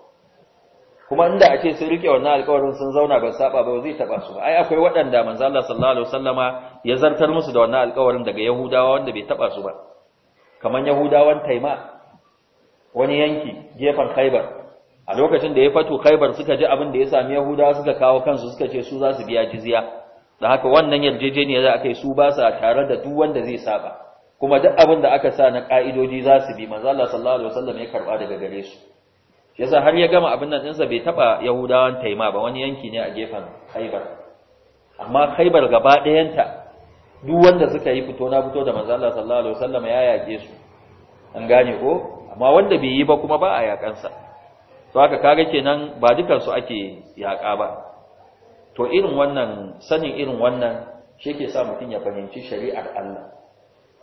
Speaker 1: kuma inda a ce sun rike wannan alƙawarin sun zauna ba saba ba zai taba su ai akwai waɗanda manzo Allah sallallahu alaihi wasallama ya zartar musu da wannan alƙawarin daga Yahudawa wanda bai taba su ba Kamar Yahudawan Taima wani yanki gefen Khaibar a lokacin da ya fato khaibar suka ji abin da ya sami yahudawa suka kawo kansu suka ce su za su biya jizya da haka wannan yarjejeniya za a kai su ba sa tare da duk wanda zai saba kuma duk abin da aka sa na ka'idoji za su bi manzo Allah sallallahu alaihi wasallam ya karba daga gare su yasa har ya gama abin nan ɗinsa bai taba yahudawan taima ba wani yanki ne a gefen khaibar amma khaibar gaba ɗayanta duk wanda suka yi fito na fito da manzo Allah sallallahu alaihi wasallam ya yaƙe su an gane ko amma wanda bai yi ba kuma ba a yaƙansa to haka kaga kenan ba dukan su ake yaƙa ba to irin wannan sanin irin wannan shi ke sa mutum ya fahimci shari'ar Allah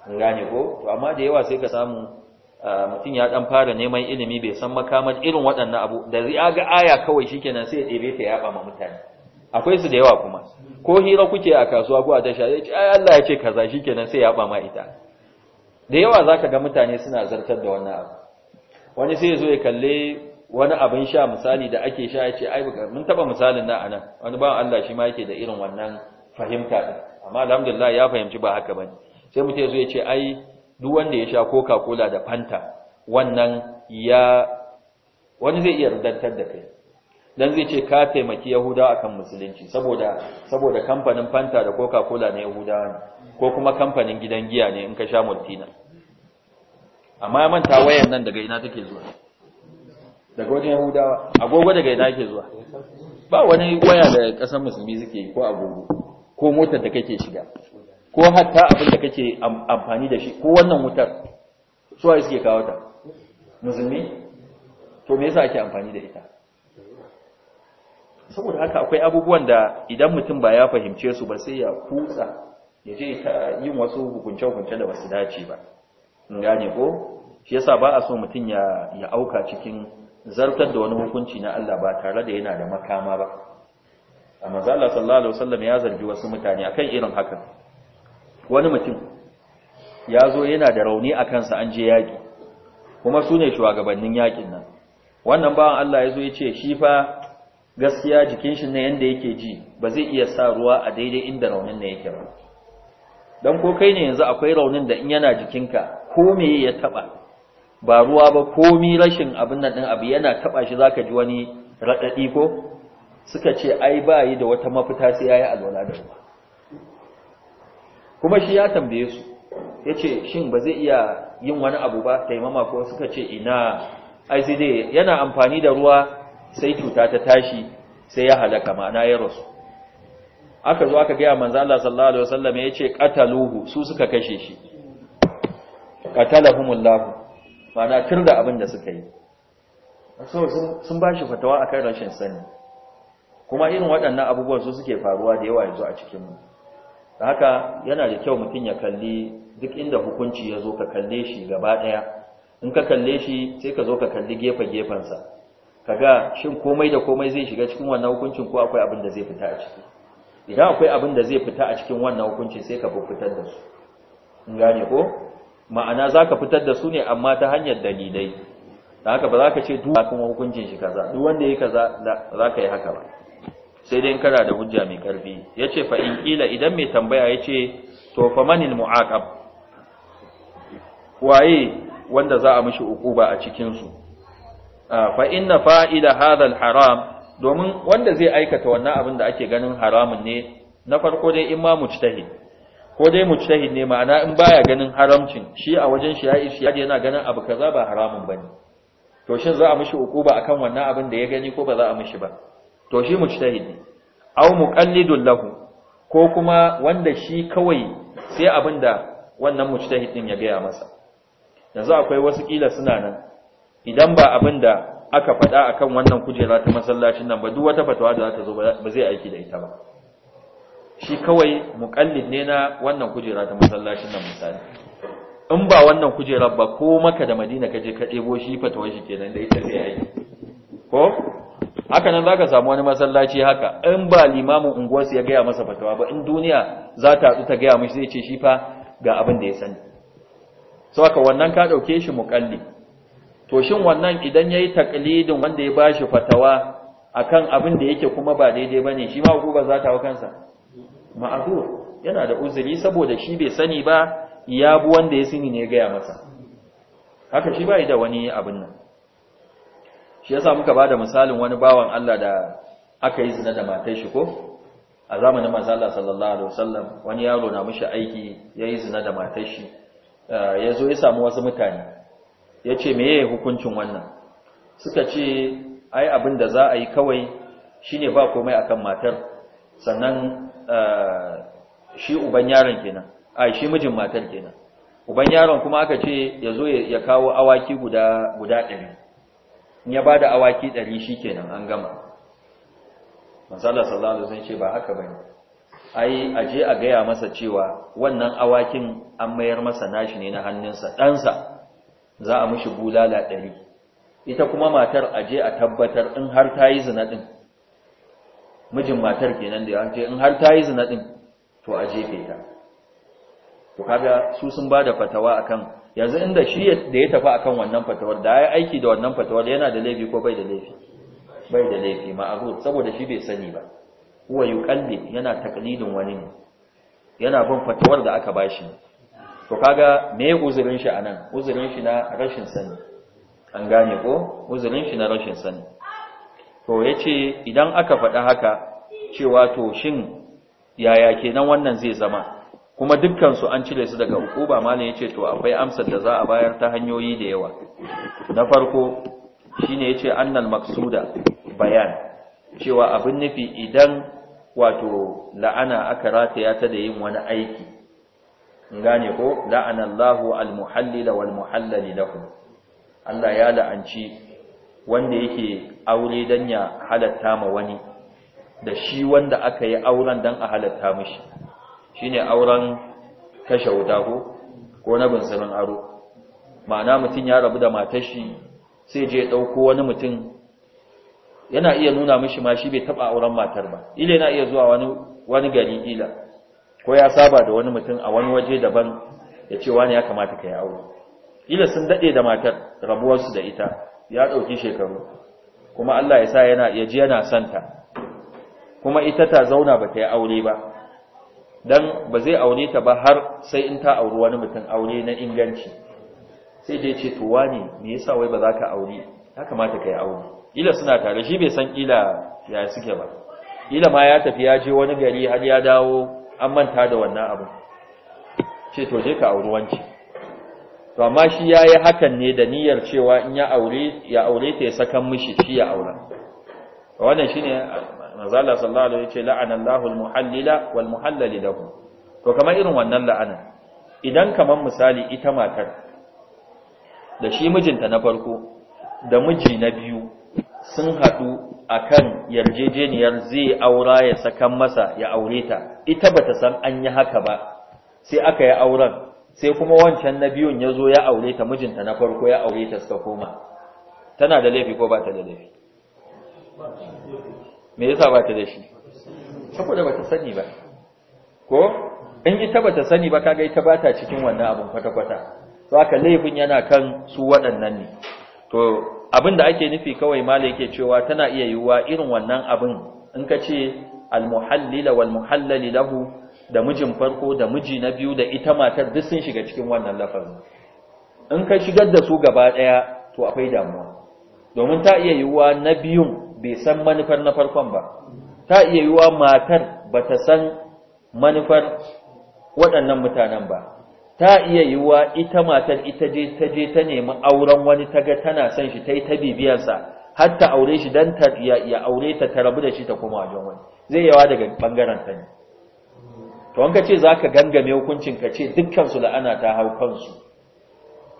Speaker 1: an gane ko to amma da yawa sai ka samu Ah, mutum ya dan fara neman ilimi bai san makamar irin waɗannan abu da ya ga aya kawai shikenan sai ya ɗebe ta yaba ma mutane akwai su da yawa kuma ko hira kuke a kasuwa ko a tasha ya ce ai Allah ya ce kaza shikenan sai ya yaba ma ita da yawa zaka ga mutane suna zartar da wannan abu wani sai ya zo ya kalle wani abin sha misali da ake sha ya ce ai mun taba misalin na anan wani bawan Allah shi ma yake da irin wannan fahimta din amma alhamdulillah ya fahimci ba haka bane sai mutum ya zo ya ce ai duk wanda ya sha coca-cola da fanta wannan ya wani zai iya rudantar da kai dan zai ce ka taimaki yahuda akan musulunci saboda saboda kamfanin fanta da coca-cola na yahudawa ne ko kuma kamfanin gidan giya ne in ka sha multina amma ya manta wayan nan daga ina take zuwa daga wani yahudawa agogo daga ina ke zuwa ba wani waya da kasan musulmi suke yi ko agogo ko motar da kake shiga ko hatta abin da kake amfani da shi ko wannan wutar so ai suke kawo ta musulmi to me yasa ake amfani da ita saboda haka akwai abubuwan da idan mutum ba ya fahimce su ba sai ya kutsa ya je ta yin wasu hukunce-hukunce da basu dace ba in gane ko shi yasa ba a so mutum ya ya auka cikin zartar da wani hukunci na Allah ba tare da yana da makama ba amma Allah sallallahu alaihi wasallam ya zargi wasu mutane akan irin haka wani mutum ya zo yana da rauni a kansa an je yaƙi kuma su ne shugabannin yaƙin nan wannan bawan Allah ya zo ya ce shi fa gaskiya jikin shi na yanda yake ji ba zai iya sa ruwa a daidai inda raunin na yake ba dan ko kai ne yanzu akwai raunin da in yana jikinka ko me ya taɓa? ba ruwa ba komi rashin abin nan ɗin abu yana taɓa shi za ka ji wani raɗaɗi ko suka ce ai ba yi da wata mafita sai ya yi alwala da ruwa kuma shi ya tambaye su ya ce shin ba zai iya yin wani abu ba taimama ko suka ce ina ai yana amfani da ruwa sai cuta ta tashi sai ya halaka ma'ana ya rasu aka zo aka gaya manzo Allah sallallahu alaihi wasallam ya ce qataluhu su suka kashe shi qatalahumullah ma'ana tirda abin da suka yi so sun bashi fatawa akan rashin sani kuma irin waɗannan abubuwan su suke faruwa da yawa yanzu a cikin mu da haka yana da kyau mutum ya kalli duk inda hukunci ya zo ka kalle shi gaba ɗaya in ka kalle shi sai ka zo ka kalli gefe-gefensa ka ga shin komai da komai zai shiga cikin wannan hukuncin ko akwai abin da zai fita a ciki idan akwai abin da zai fita a cikin wannan hukuncin sai ka fitar da su in gane ko ma'ana za ka fitar da su ne amma ta hanyar dalilai da haka ba za ka ce duk hukuncin shi kaza duk wanda ya yi kaza za ka yi haka ba sai dai kana da hujja mai karfi yace fa in kila idan mai tambaya yace to fa manil muaqab waye wanda za a mishi ukuba a cikin su ah, fa inna fa'ila hadha haram domin wanda zai aikata wannan abin da ake ganin haramun ne na farko dai in ma mujtahid ko dai mujtahid ne ma'ana in baya ganin haramcin shi a wajen shi ya ishi yana ganin abu kaza ba haramun bane to shin za a mishi ukuba akan wannan abin da ya gani ko ba za a mishi ba to shi mujtahidi aw muqallidul lahu ko kuma wanda shi kawai sai abinda wannan mujtahidin ya gaya masa yanzu akwai wasu kila suna nan idan ba abinda aka faɗa akan wannan kujera ta masallacin nan ba duk wata fatawa da za ta zo ba zai aiki da ita ba shi kawai muqallid ne na wannan kujera ta masallacin nan misali in ba wannan kujerar ba ko maka da madina kaje ka ɗebo shi fatawar shi kenan da ita zai aiki ko haka nan zaka samu wani masallaci haka in ba limamin unguwarsu ya gaya masa fatawa ba in duniya za ta ta gaya mishi zai ce shi fa ga abin da ya sani so haka wannan ka ɗauke shi muqalli to shin wannan idan ya yi taqlidin wanda ya bashi fatawa akan abin da yake kuma ba daidai bane shi ma hukuma za ta hau kansa ma'azur yana da uzuri saboda shi bai sani ba ya bu wanda ya sani ne ya gaya masa haka shi bai da wani abin nan shi yasa muka bada misalin wani bawan Allah da aka yi zina da matar shi ko a zamanin manzo Allah sallallahu alaihi wasallam wani yaro na mishi aiki yayi zina da matar shi yazo ya samu wasu mutane yace meye hukuncin wannan suka ce ai abin da za a yi kawai shine ba komai akan matar sannan eh, shi uban yaron kenan ai shi mijin matar kenan uban yaron kuma aka ce yazo ya kawo awaki guda guda in ya da awaki 100 kenan an gama manzala sallallahu alaihi ce ba haka bane ai je a gaya masa cewa wannan awakin an mayar masa nashi ne na hannunsa ɗansa za a mushi bulala ɗari ita kuma matar a je a tabbatar in har ta yi zina mijin matar kenan da ya in har ta yi zina to a jefe ta to kaga su sun bada fatawa akan yanzu inda shi da ya tafi akan wannan fatawar da ya aiki da wannan fatawar yana da laifi ko bai da laifi bai da laifi ma'ruf saboda shi bai sani ba huwa yuqalli yana taqlidin wani ne yana bin fatawar da aka bashi to kaga me uzurin shi anan uzurin shi na rashin sani an gane ko uzurin shi na rashin sani to yace idan aka faɗa haka cewa to shin yaya kenan wannan zai zama kuma dukkansu an cire su daga hukuma malam yace to akwai amsar da za a bayar ta hanyoyi da yawa na farko shine yace annal maqsuda bayan cewa abin nufi idan wato la'ana aka rataya ta da yin wani aiki gane ko la'ana Allahu al-muhallila wal muhallali lahu Allah ya la'anci wanda yake aure dan ya halatta ma wani da shi wanda aka yi auren dan a halatta mishi shine auren kashe wuta ko ko na bunsurin aro ma'ana mutum ya rabu da matar shi sai je dauko wani mutum yana iya nuna mishi ma shi bai taba auren matar ba ila yana iya zuwa wani wani gari ila ko ya saba da wani mutum a wani waje daban ya ce wani ya kamata ka aure ila sun daɗe da matar rabuwarsu da ita ya ɗauki shekaru kuma Allah ya sa yana yaji ji yana santa kuma ita ta zauna ba ta yi aure ba dan ba zai aure ta ba har sai in ta auri wani mutum aure na inganci sai dai ce to wani me yasa wai ba za ka aure ya kamata ka yi aure ila suna tare shi bai san ila ya suke ba ila ma ya tafi ya je wani gari har ya dawo an manta da wannan abu ce to je ka auri wanci to amma shi ya yi hakan ne da niyyar cewa in ya aure ya aure ta ya sakan mishi shi ya aura wannan shine manzala sallallahu alaihi wasallam yace la'anallahu almuhallila walmuhallali lahu to kamar irin wannan la'ana idan kamar misali ita matar da shi mijinta na farko da miji na biyu sun haɗu akan yarjejeniyar zai aura ya sakan masa ya aure ta ita bata san an yi haka ba sai aka yi auren sai kuma wancan na biyun ya zo ya aure ta mijinta na farko ya aure ta suka koma tana da laifi ko ba ta da laifi me yasa ba ta da shi saboda ba ta sani ba ko in ita ba ta sani ba kaga ita ba ta cikin wannan abin kwata-kwata to haka laifin yana kan su waɗannan ne to abin da ake nufi kawai malai yake cewa tana iya yiwuwa irin wannan abin in ka ce almuhallila wal muhallali lahu da mijin farko da miji na biyu da ita matar duk sun shiga cikin wannan lafazin in ka shigar da su gaba ɗaya to akwai damuwa domin ta iya yiwuwa na biyun bai san manufar na farkon ba ta iya yiwa matar ba ta san manufar waɗannan mutanen ba ta iya yiwa ita matar ita je ta je ta nemi auren wani ta ga tana son shi ta yi ta bibiyarsa har ta aure shi don ta ya aure ta ta rabu da shi ta koma wajen wani zai yawa daga ɓangaren ta ne to an ka ce za ka gangame hukuncin ka ce dukkansu la'ana ta hau kansu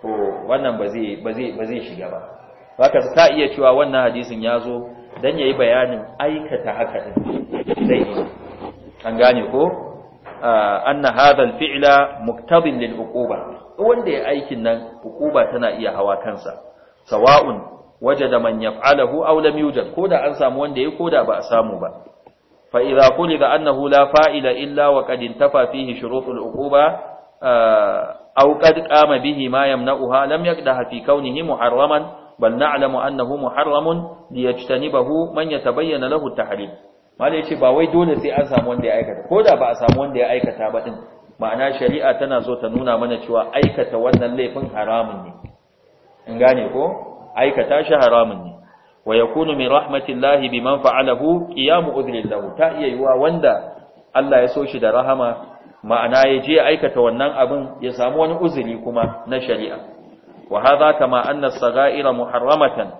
Speaker 1: to wannan ba zai shiga ba haka ta iya cewa wannan hadisin ya zo dan yayi bayanin aikata haka din zai an gane ko anna hadha al-fi'la muktabin lil uquba wanda ya aikin nan uquba tana iya hawa kansa sawa'un wajada man yaf'alahu aw lam yujad koda an samu wanda yayi koda ba a samu ba fa kuli da annahu la fa'ila illa wa qad intafa fihi shurutul uquba aw qad qama bihi ma yamna'uha lam yaqdaha fi kaunihi muharraman bal na'lamu annahu muharramun manya man yatabayyana lahu at-tahrim malai yace ba wai dole sai an samu wanda ya aikata ko da ba a samu wanda ya aikata ba din ma'ana shari'a tana so ta nuna mana cewa aikata wannan laifin haramun ne in gane ko aikata shi haramun ne wa yakunu min rahmatillahi biman fa'alahu qiyamu udhrin lahu ta iya yiwa wanda Allah ya so shi da rahama ma'ana ya je aikata wannan abin ya samu wani uzuri kuma na shari'a wa hadha kama anna sagaira muharramatan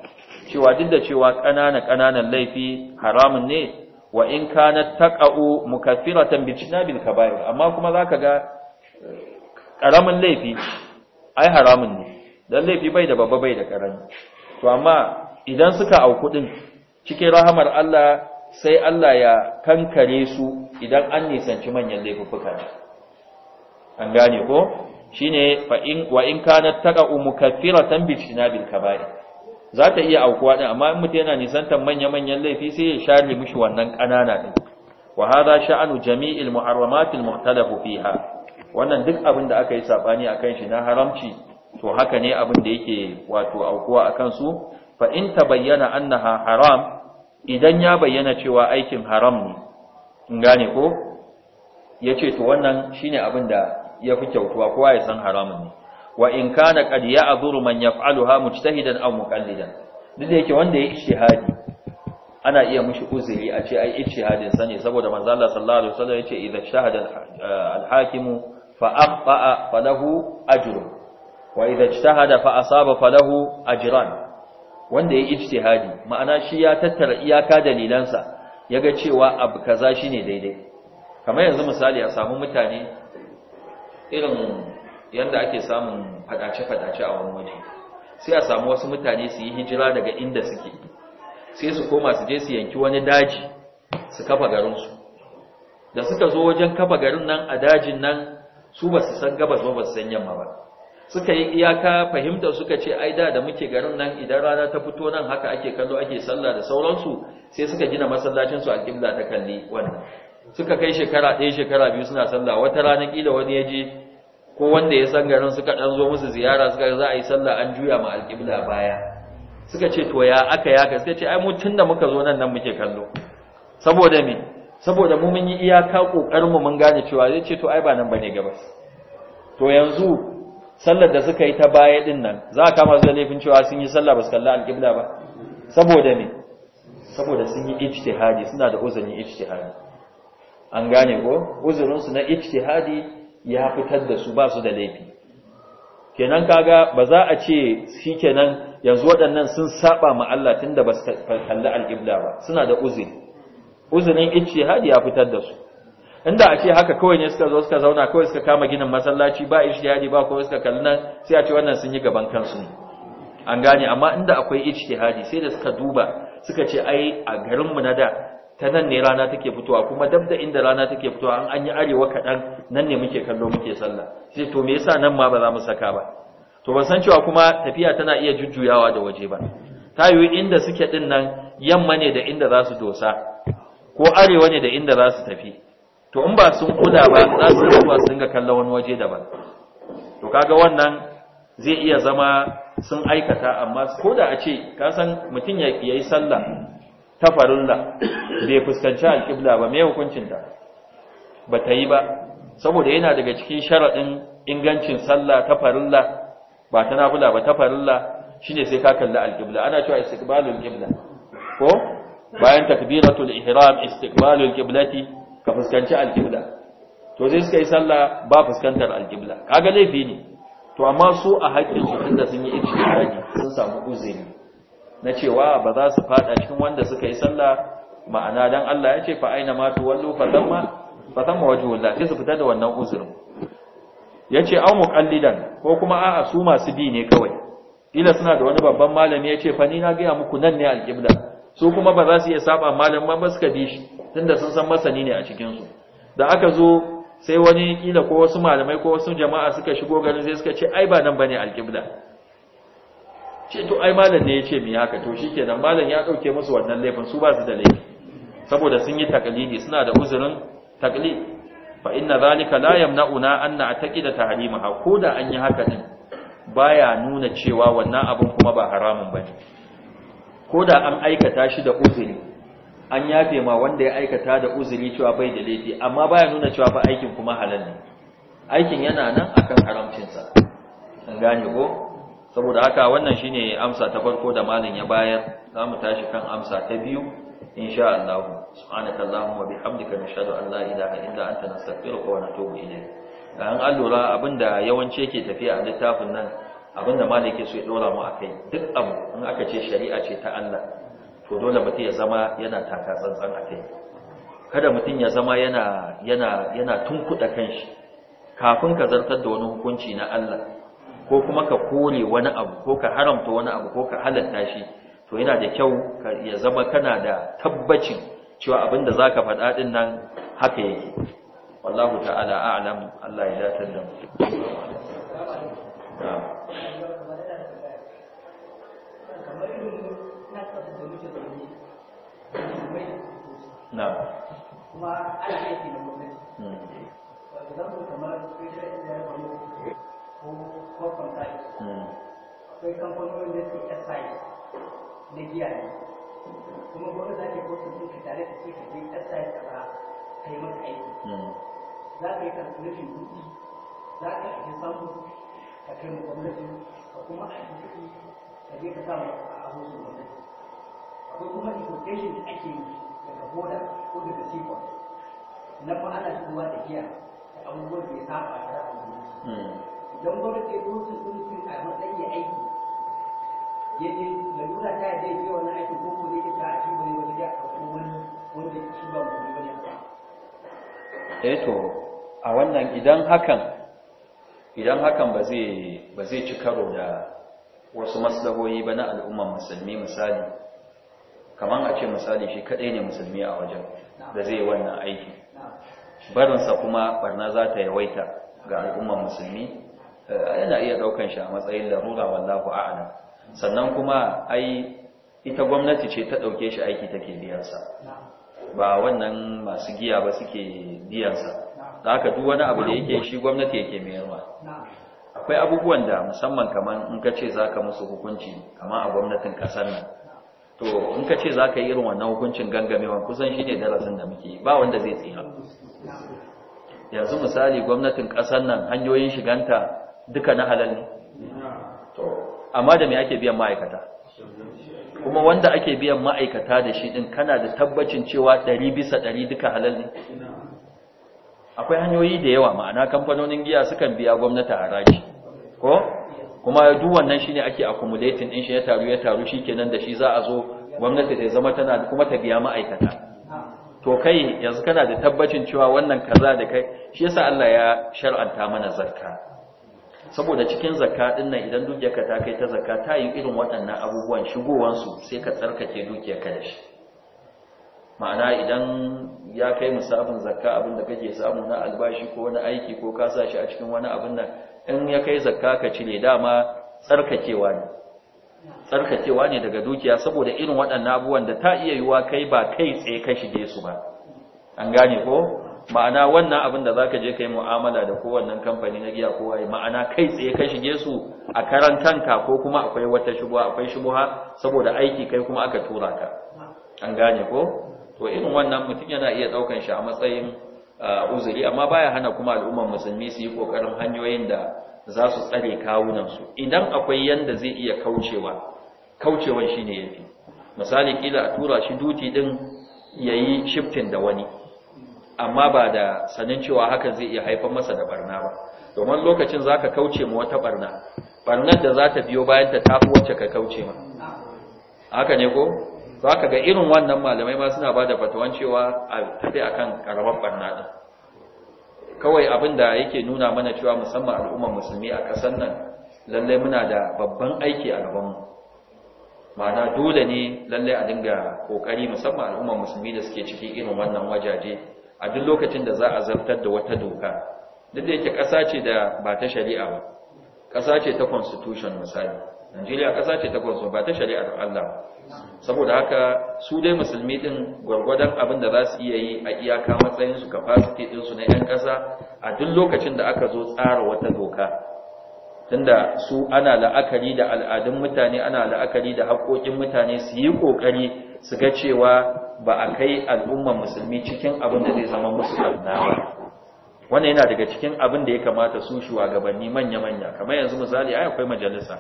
Speaker 1: cewa duk da cewa ƙanana ƙananan laifi haramun ne wa in kana taqa'u mukaffiratan bi jinabil kaba'ir amma kuma zaka ga eh, ƙaramin laifi ai haramun ne dan laifi bai da babba bai da ƙarami to amma idan suka auku din cikin rahamar Allah sai Allah ya kankare su idan an nisanci manyan laifuffuka an gane ko shine fa in wa in kanat taqa mukaffiratan bi jinabil kaba'ir za ta iya aukuwa din amma in mutum yana nisantar manya-manyan laifi sai ya share mishi wannan ƙanana din wa hadha sha'anu jami'il muharramat al muhtalafu fiha wannan duk abin da aka yi sabani akan shi na haramci to haka ne abin da yake wato aukuwa akan su fa in tabayyana annaha haram idan ya bayyana cewa aikin haram ne in gane ko yace to wannan shine abin da ya fi kyautuwa kowa ya san haramun ne wa in kana qad ya'dhuru man yaf'aluha mujtahidan aw muqallidan duk da yake wanda ya ijtihadi ana iya mushi uzuri a ce ai ijtihadin sa ne saboda manzo Allah sallallahu alaihi wasallam yace idza shahada al-hakimu fa aqta'a falahu ajrun wa idza ijtahada fa asaba falahu ajran wanda ya ijtihadi ma'ana shi ya tattara iyaka dalilansa yaga cewa abu kaza shine daidai kamar yanzu misali a samu mutane irin yanda ake samun fadace-fadace a wani waje sai a samu wasu mutane su yi hijira daga inda suke sai su koma su je su yanki wani daji su kafa garinsu da suka zo wajen kafa garin nan a dajin nan su ba su san gabas ba ba su san yamma ba suka yi iyaka fahimtar suka ce ai da da muke garin nan idan rana ta fito nan haka ake kallo ake sallah da sauransu sai suka gina masallacin su kibla ta kalli wannan suka kai shekara ɗaya shekara biyu suna sallah wata rana kila wani ya je ko wanda ya san garin suka ɗan zo musu ziyara suka za a yi sallah an juya ma alƙibla baya suka ce to ya aka yaka suka ce ai mu tun da muka zo nan nan muke kallo saboda me saboda mu mun yi iyaka kokarin mu mun gane cewa zai ce to ai ba nan bane gabas to yanzu sallar da suka yi ta baya din nan za a kama su da laifin cewa sun yi sallah ba su kalla alƙibla ba saboda me saboda sun yi ijtihadi suna da uzurin ijtihadi an gane ko uzurinsu na ijtihadi ya fitar da su ba su da laifi kenan kaga ba za a ce shikenan yanzu waɗannan sun saba ma Allah tunda ba su kalli al-qibla ba suna da uzuri uzurin ijtihadi ya fitar da su inda a ce haka kawai ne suka zo suka zauna kawai suka kama ginin masallaci ba ijtihadi ba kawai suka kalli nan sai a ce wannan sun yi gaban kansu ne an gane amma inda akwai ijtihadi sai da suka duba suka ce ai a garin mu na da ta nan ne rana take fitowa kuma dab da inda rana take fitowa an an yi arewa kaɗan nan ne muke kallo muke sallah sai to me yasa nan ma ba za mu saka ba to ban san cewa kuma tafiya tana iya jujjuyawa da waje ba ta yiwu inda suke din nan yamma ne da inda za su dosa ko arewa ne da inda za su tafi to in ba sun kula ba za su ruwa sun ga kallon wani waje daban to kaga wannan zai iya zama sun aikata amma ko da a ce ka san mutum ya yi sallah ta farilla bai fuskanci alƙibla ba mai hukuncinta ba ta yi ba saboda yana daga cikin sharaɗin ingancin sallah ta farilla ba ta nafula ba ta farilla shine sai ka kalli alƙibla ana cewa istiqbalul qibla ko bayan takbiratul ihram istiqbalul qiblati ka fuskanci alƙibla to sai suka yi sallah ba fuskantar alƙibla kaga laifi ne to amma su a haƙƙin su tunda sun yi ijtihadi sun samu uzuri na cewa ba za su fada cikin wanda suka yi sallah ma'ana dan Allah ya ce fa aina ma wallu fa thamma fa thamma sai su fita da wannan uzurin yace aw muqallidan ko kuma a'a su masu bi ne kawai ila suna da wani babban malami yace fa ni na ga muku nan ne alqibla su kuma ba za su iya saba malamin ba suka bi shi tunda sun san masani ne a cikin su da aka zo sai wani kila ko wasu malamai ko wasu jama'a suka shigo garin sai suka ce ai ba nan bane alqibla ce to ai malam ne ya ce mi haka to shikenan malam ya dauke musu wannan laifin su ba su da laifi saboda sun yi taklidi suna da uzurin taklid fa inna zalika la yamna'una an na'taqida Ko da an yi haka din baya nuna cewa wannan abin kuma ba haramun bane da an aikata shi da uzuri an yafe ma wanda ya aikata da uzuri cewa bai da laifi amma baya nuna cewa ba aikin kuma halal ne aikin yana nan akan haramcinsa an gane ko saboda haka wannan shine amsa ta farko da malin ya bayar za mu tashi kan amsa ta biyu insha Allah subhanaka allahumma bihamdika nashhadu an la ilaha illa anta nastaghfiruka wa natubu ilayk an allura abinda yawanci yake tafiya a littafin nan abinda malin yake so ya dora mu akai duk abu in aka ce shari'a ce ta Allah to dole mutum ya zama yana taka tsantsan akai kada mutum ya zama yana yana yana tunkuda kanshi kafin ka zartar da wani hukunci na Allah ko kuma ka kore wani abu ko ka haramta wani abu ko ka halatta shi to yana da kyau ya zama kana da tabbacin cewa abin da zaka faɗa din nan haka yake wallahu ta'ala a'lam Allah ya datar da mu
Speaker 2: kuma makwanta hmm. akwai kamfanonin da a SI na giya ne kuma gobe za ka kotu sun ka tare da ce ka je SI ka ba ka yi maka aiki hmm. za ka yi kalkulation kuɗi za ka yi samu ka kai mu gwamnati ka kuma aiki kuɗi ka je ka samu a hutun gwamnati akwai kuma importation da ake yi daga boda ko daga seaport na ba ana shigowa da giya da abubuwan da ya saba da gwamnati hmm. don gwamnati ya kusa sulhun a matsayin ya aiki ya ce nuna ta yadda ya wani aiki ko ko zai ta aiki cikin wani wani ya ɗauko wani wanda shi ba mu ba ne
Speaker 1: eh to a wannan idan hakan idan hakan ba zai ba zai ci karo da wasu maslahoyi ba na al'ummar musulmi misali kamar a ce misali shi kadai ne musulmi a wajen da zai yi wannan aiki barinsa kuma barna za ta yawaita ga al'ummar musulmi yana iya daukan shi a matsayin larura wallahu a'lam sannan kuma ai ita gwamnati ce ta dauke shi aiki take biyan sa ba wannan masu giya ba suke biyan sa da haka duk wani abu da yake shi gwamnati yake mayarwa akwai abubuwan da musamman kaman in ka ce zaka musu hukunci kaman a gwamnatin kasar nan to in ka ce zaka yi irin wannan hukuncin gangamewa kusan shine darasin da muke ba wanda zai tsira yanzu misali gwamnatin kasar nan hanyoyin shiganta duka na halal ne amma da me ake biyan ma'aikata kuma wanda ake biyan ma'aikata da shi din kana da tabbacin cewa 100 bisa 100 duka halal ne akwai hanyoyi da yawa ma'ana kamfanonin giya sukan biya gwamnati haraji ko kuma duk wannan shine ake accumulating din shi ya taru ya taru shikenan da shi za a zo gwamnati ta zama tana kuma ta biya ma'aikata to kai yanzu kana da tabbacin cewa wannan kaza da kai shi yasa Allah ya shar'anta mana zakka saboda cikin zakka din nan idan dukiyarka ta kai ta zakka ta yi irin waɗannan abubuwan shigowansu sai ka tsarkake dukiyarka da shi ma'ana idan ya kai musabin zakka abin da kake samu na albashi ko wani aiki ko ka sa a cikin wani abin nan in ya kai zakka ka cire dama tsarkakewa ne tsarkakewa ne daga dukiya saboda irin waɗannan abubuwan da ta iya yiwa kai ba kai tsaye ka shige su ba an gane ko ma'ana wannan abin da zaka je ka yi mu'amala da kowannan kamfani na giya ko waye ma'ana kai tsaye ka shige su a karantan ka, ko kuma akwai wata shubuwa akwai shubuha saboda aiki kai kuma aka tura ka an gane ko to irin wannan mutum yana iya daukan shi a matsayin uzuri amma baya hana kuma al'ummar musulmi su yi kokarin hanyoyin da za su tsare kawunan su. idan akwai yanda zai iya kaucewa kaucewan shine yafi misali kila a tura shi duti din yayi shiftin da wani amma ba da sanin cewa hakan zai iya haifar masa da barna ba domin lokacin za ka kauce mu wata barna barnar da za ta biyo bayan ta tafi wacce ka kauce ma haka ne ko ka ga irin wannan malamai ma suna ba da fatawan cewa a tafi kan karamar barna din kawai abin da yake nuna mana cewa musamman al'ummar musulmi a ƙasar nan lalle muna da babban aiki a gabanmu ma'ana dole ne lallai a dinga ƙoƙari musamman al'ummar musulmi da suke cikin irin wannan wajaje a duk lokacin da za a zartar da wata doka duk da yake ƙasa ce da ba ta shari'a ba ƙasa ce ta constitution misali Najeriya ƙasa ce ta constitution ba ta shari'ar Allah saboda haka su dai musulmi din gwargwadon abin da za su iya yi a iyaka matsayin su capacity din su na yan ƙasa a duk lokacin da aka zo tsara wata doka tunda su ana la'akari da al'adun mutane ana la'akari da haƙoƙin mutane su yi ƙoƙari su ga cewa ba a kai al'umman musulmi cikin abin da zai zama musu karna ba wannan yana daga cikin abin da ya kamata su gabanni manya-manya kamar yanzu misali ai akwai majalisa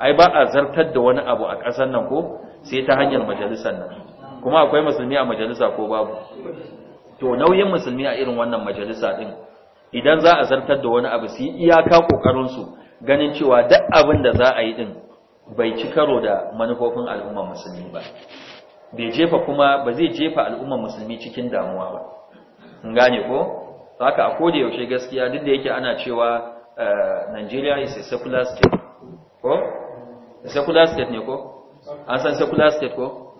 Speaker 1: ai ba a zartar da wani abu a ƙasar nan ko sai ta hanyar majalisar nan kuma akwai musulmi a majalisa ko babu to nauyin musulmi a irin wannan majalisa din idan za a zartar da wani abu su yi iyaka su ganin cewa duk abin da za a yi din bai ci karo da manufofin al'ummar musulmi ba bai jefa kuma ba zai jefa al'ummar musulmi cikin damuwa ba in gane ko haka a koda yaushe gaskiya duk da yake ana cewa eh, Nigeria is a secular state ko secular state ne ko an san secular state ko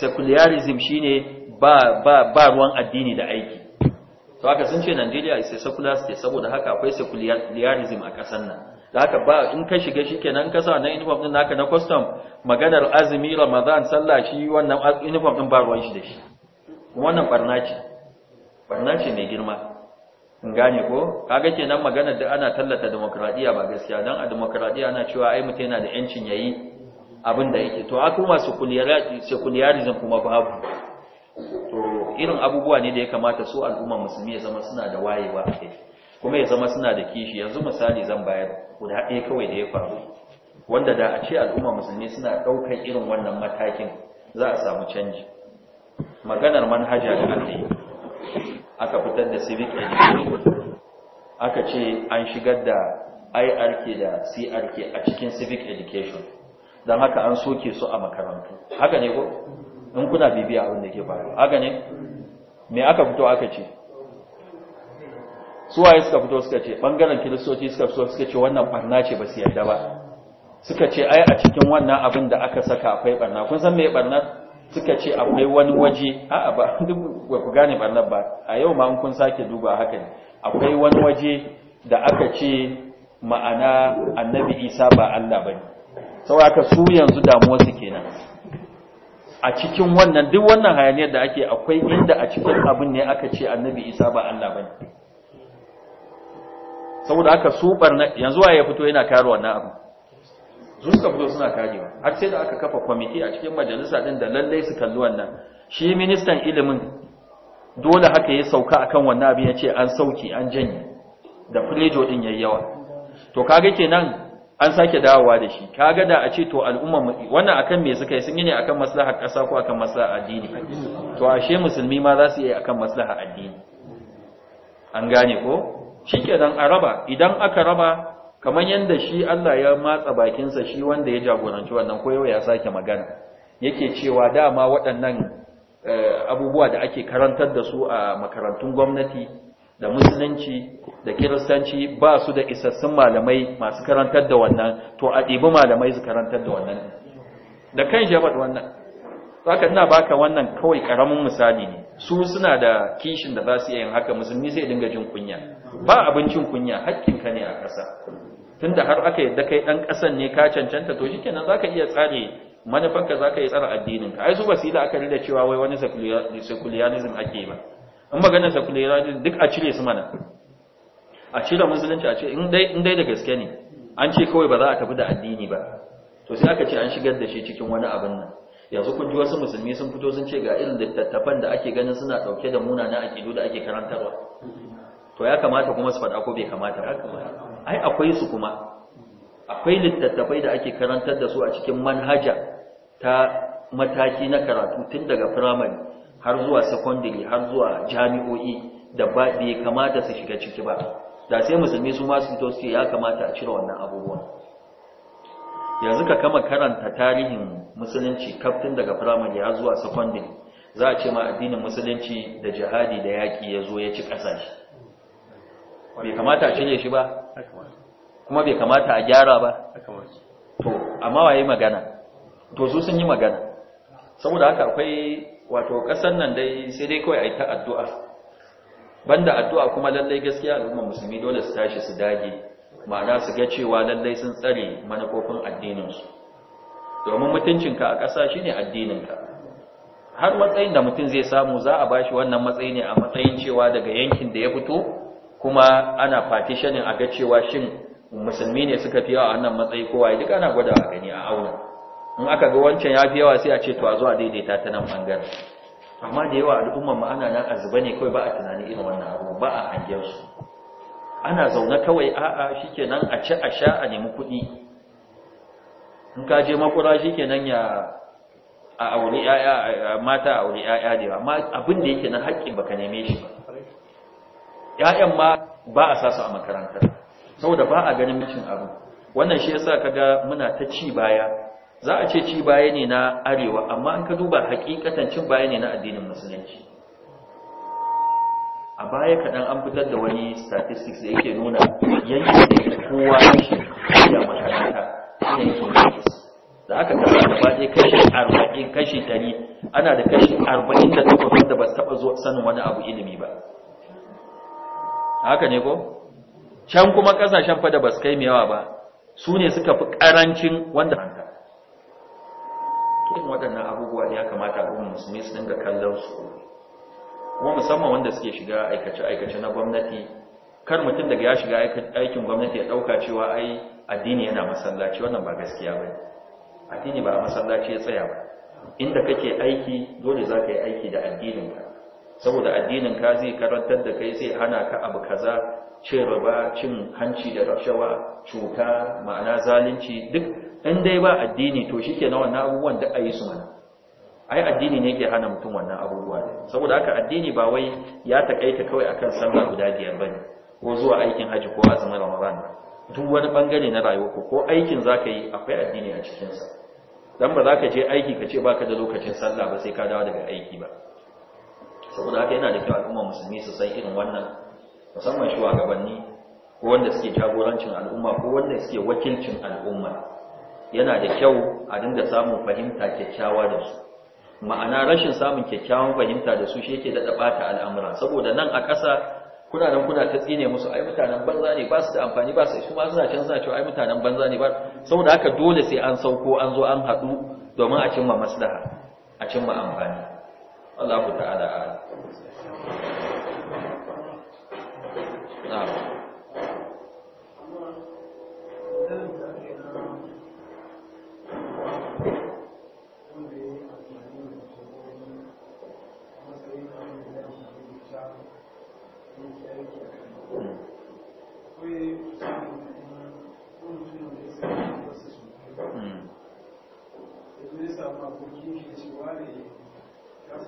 Speaker 1: secularism shine ba ba ba ruwan addini da aiki to haka sun ce Nigeria is a secular state saboda haka akwai secularism a kasar nan da haka ba in ka shiga shikenan ka sa na uniform din naka na custom maganar azumi ramadan sallah shi wannan uniform din ba ruwan shi da shi wannan barna ce barna ce mai girma in gane ko kaga kenan maganar da ana tallata demokradiya ba gaskiya dan a demokradiya ana cewa ai mutum yana da yancin yayi abin da yake to a kuma secularism kuma babu to irin abubuwa ne da ya kamata su al'umma musulmi ya zama suna da wayewa a kai kuma ya zama suna da kishi yanzu misali zan bayar guda ɗaya kawai da ya faru wanda da a ce al'umma musulmi suna ɗaukar irin wannan matakin za a samu canji maganar manhaja da aka yi aka fitar da civic education aka ce an shigar da irk da crk a cikin civic education don haka an soke su a makarantu haka ne ko in kuna bibiya abin da ke faru haka ne me aka fito aka ce suwaye suka fito suka ce bangaren kiristoci suka fito suka ce wannan barna ce ba su yarda ba suka ce ai a cikin wannan abin da aka saka akwai barna kun san me barna suka ce akwai wani waje a'a ba duk ku gane barna ba a yau ma kun sake duba haka ne akwai wani waje da aka ce ma'ana annabi isa ba Allah bane aka su yanzu damuwa su kenan a cikin wannan duk wannan hayaniyar da ake akwai inda a cikin abin ne aka ce annabi isa ba Allah bane saboda aka su na yanzu waye ya fito yana kare wannan abu zuwa suka fito suna karewa har sai da aka kafa kwamiti a cikin majalisa din da lallai su kalli wannan shi ministan ilimin dole haka ya sauka akan wannan abin ya ce an sauki an janye da filejo din yayi yawa to kaga kenan an sake dawowa da shi kaga da a ce to al'umma wannan akan me suka yi sun yi ne akan maslahar ƙasa ko akan maslahar addini to ashe musulmi ma za su yi akan maslahar addini an gane ko shikenan a raba idan aka raba kamar yadda shi Allah ya matsa bakinsa shi wanda ya jagoranci wannan koyo ya sake magana yake cewa dama waɗannan eh, abubuwa da ake karantar da su a makarantun gwamnati da musulunci da kiristanci ba su da isassun malamai masu karantar da wannan to a ɗibi malamai su karantar da wannan da kan shi ya faɗi wannan saka ina baka wannan kawai ƙaramin misali ne su suna da kishin da za su yin haka musulmi zai dinga jin kunya ba abincin kunya ka ne a ƙasa tunda har aka yadda kai ɗan ƙasan ne ka cancanta to shi kenan za ka iya tsare manufanka za ka iya tsara addininka ai su ba su yi da cewa wai wani secularism ake ba in magana secularism duk a cire su mana a cire musulunci a ce in dai da gaske ne an ce kawai ba za a tafi da addini ba to sai aka ce an shigar da shi cikin wani abin nan yanzu kun ji wasu musulmi sun fito sun ce ga irin littattafan da ake ganin suna ɗauke da na akidu da ake karantarwa to ya kamata kuma su faɗa ko bai kamata ba ai akwai su kuma akwai littattafai da ake karantar da su a cikin manhaja ta mataki na karatu tun daga firamare har zuwa secondary har zuwa jami'o'i da ba bai kamata su shiga ciki ba da sai musulmi su ma su fito suke ya kamata a cire wannan abubuwan yanzu ka kama karanta tarihin musulunci kaftin daga firamare har zuwa sakwandin za a ce ma addinin musulunci da jihadi da yaƙi ya zo ya ci ƙasashe bai kamata a shirya shi ba kuma bai kamata a gyara ba to amma waye magana to su sun yi magana saboda haka akwai wato ƙasar nan dai sai dai kawai a yi ta addu'a banda addu'a kuma lallai gaskiya al'ummar musulmi dole su tashi su dage Ba za su ga cewa lallai sun tsare manufofin addininsu domin mutuncinka a ƙasa shine addinin ka. har matsayin da mutum zai samu za a bashi wannan matsayi ne a matsayin cewa daga yankin da ya fito kuma ana partitioning a ga cewa shin musulmi ne suka fi yawa a wannan matsayi kowa duk ana gwada a gani a auna in aka ga wancan ya fi yawa sai a ce to a zuwa daidaita ta nan bangare amma da yawa al'ummar mu ana nan ne kawai ba a tunani irin wannan abu ba a hangen su ana zaune kawai a'a shikenan a ci a sha a nemi kuɗi in ka je makura shikenan ya a aure yaya mata a aure yaya da amma abin da yake na ba baka neme shi ba Ya'yan ma ba a sasu a makarantar saboda ba a ganin mucin abin wannan shi yasa kaga muna ta ci baya za a ce ci baya ne na arewa amma in ka duba hakikatan cin baya ne na addinin musulunci a baya kaɗan an fitar da wani statistics da yake nuna yankin da kowa yake da makaranta shine yankin Legas da aka kasa da baje kashi arba'in kashi ɗari ana da kashi arba'in da takwas wanda ba su taɓa zuwa sanin wani abu ilimi ba haka ne ko can kuma ƙasashen fa da ba su kai yawa ba su ne suka fi ƙarancin wanda hanta irin waɗannan abubuwa ne ya kamata al'ummar musulmi su dinga kallon su kuma musamman wanda suke shiga aikace-aikace na gwamnati kar mutum daga ya shiga aikin gwamnati ya ɗauka cewa ai addini yana masallaci wannan ba gaskiya ba addini ba a masallaci ya tsaya ba inda kake aiki dole za ka yi aiki da addininka saboda addininka zai karantar da kai zai hana ka abu kaza cin cin hanci da rashawa cuta ma'ana zalunci duk in dai ba addini to shike na wannan abubuwan da a yi su mana ai addini ne ke hana mutum wannan abubuwa ne saboda haka addini ba wai ya takaita kawai akan sallah guda biyar bane ko zuwa aikin haji ko azumin ramadan duk wani bangare na rayuwa ko aikin zaka yi akwai addini a cikin sa dan ba zaka je aiki ka ce baka da lokacin sallah ba sai ka dawo daga aiki ba saboda haka yana da kyau al'umma musulmi su san irin wannan musamman shugabanni ko wanda suke jagorancin al'umma ko wanda suke wakilcin al'umma yana da kyau a dinga samun fahimta kyakkyawa da su ma'ana rashin samun kyakkyawan fahimta da su shi yake daɗa ɓata al'amura saboda nan a ƙasa kuna nan kuna ta tsine musu ai mutanen banza ne ba su da amfani ba su kuma suna can suna cewa ai mutanen banza ne ba saboda haka dole sai an sauko an zo an haɗu domin a cimma maslaha a cimma amfani Allah ta'ala a na'am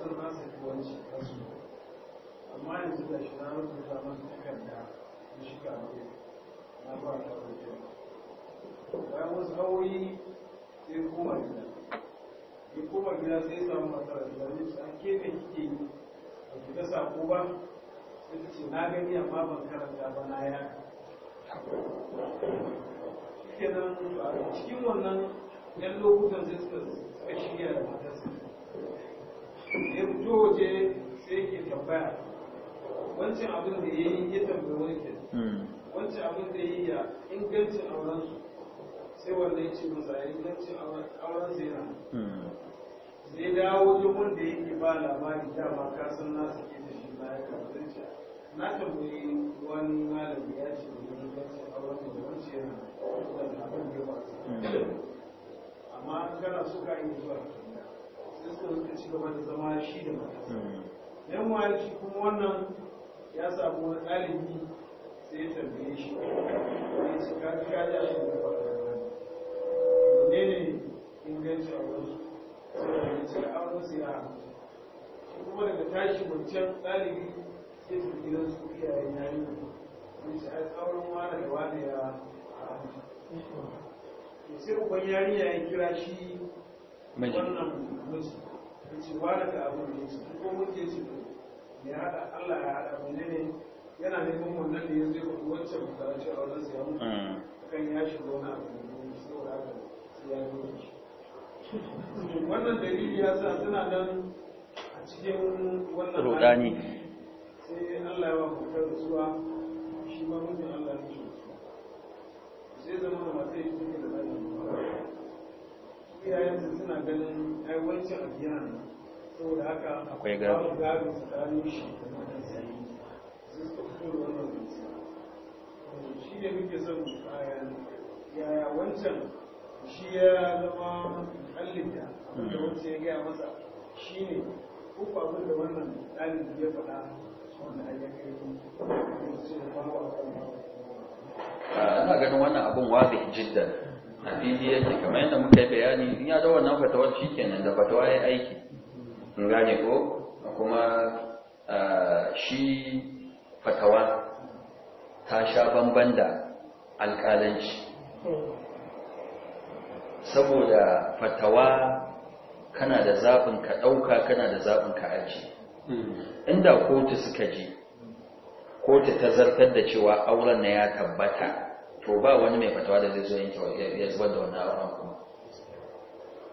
Speaker 2: sai na saki wani shekasu amma yanzu da shi na rubuta masa takarda na shiga mai na ba ta rufe bayan wasu hauri sai kuma gida ya kuma gida sai samu matsala da zane su an keɓe kike yi a shiga sako ba sai ta ce na gani amma ban karanta ba na ya kenan cikin wannan yan lokutan sai suka shirya da matarsa ya fito waje sai ke tambaya wancan abin da ya yi ya tambaye wani ke hmm. wancan abin da ya yi ya ingancin auren su sai wanda ya ce masa ya ingancin auren su yana sai dawo wajen wanda ya ke ba labari dama na nasu ke da shi baya kafin ci na tambayi wani malami ya ce da ingancin auren da wancan yana da abin da ba hmm. amma kana so ka yi zuwa suka ci gaba da zama shi da matarsa hmm. yan waye shi kuma wannan ya samu wani ɗalibi sai ya tambaye shi ya ci kaji kaji a shi da faɗa ne ne inganci a sai ya ci a wasu ya shi kuma daga tashi wancan ɗalibi sai su gidan su na yi? da shi a tsawon wani da wani ya sai uban yarinya ya kira shi miji da abu ne su ko ne Allah ne yana neman wannan da ya zai a wajen sa ya mutu hmm. kan ya shiga wani saboda ya yi dalili ya sa suna nan a cikin wannan rudani sai Allah ya ba ku zuwa shi ma mutum Allah ya ci sai zama da masu yi cikin da zai iyayen suna ganin aiwancin abiya ne saboda haka akwai gado gado tsakanin shi da suka fito wannan shi ne muke son yaya wancan shi ya zama halitta da wancan ya gaya masa shi ne ko abin da wannan ya faɗa wanda kai kuma ba wa ina ganin
Speaker 1: wannan abin wazi jiddan a ya ce kamar yadda muka yi bayani in ya zama wannan fatawar shi kenan da fatawa ya aiki in gane ko kuma shi fatawa ta sha bamban da alƙalanci saboda fatawa kana da zaɓin ka ɗauka kana da zaɓin ka aji inda kotu suka ji kotu ta zartar da cewa auren na ya tabbata to ba wani mai fatawa da zai zo ya zubar da wannan auren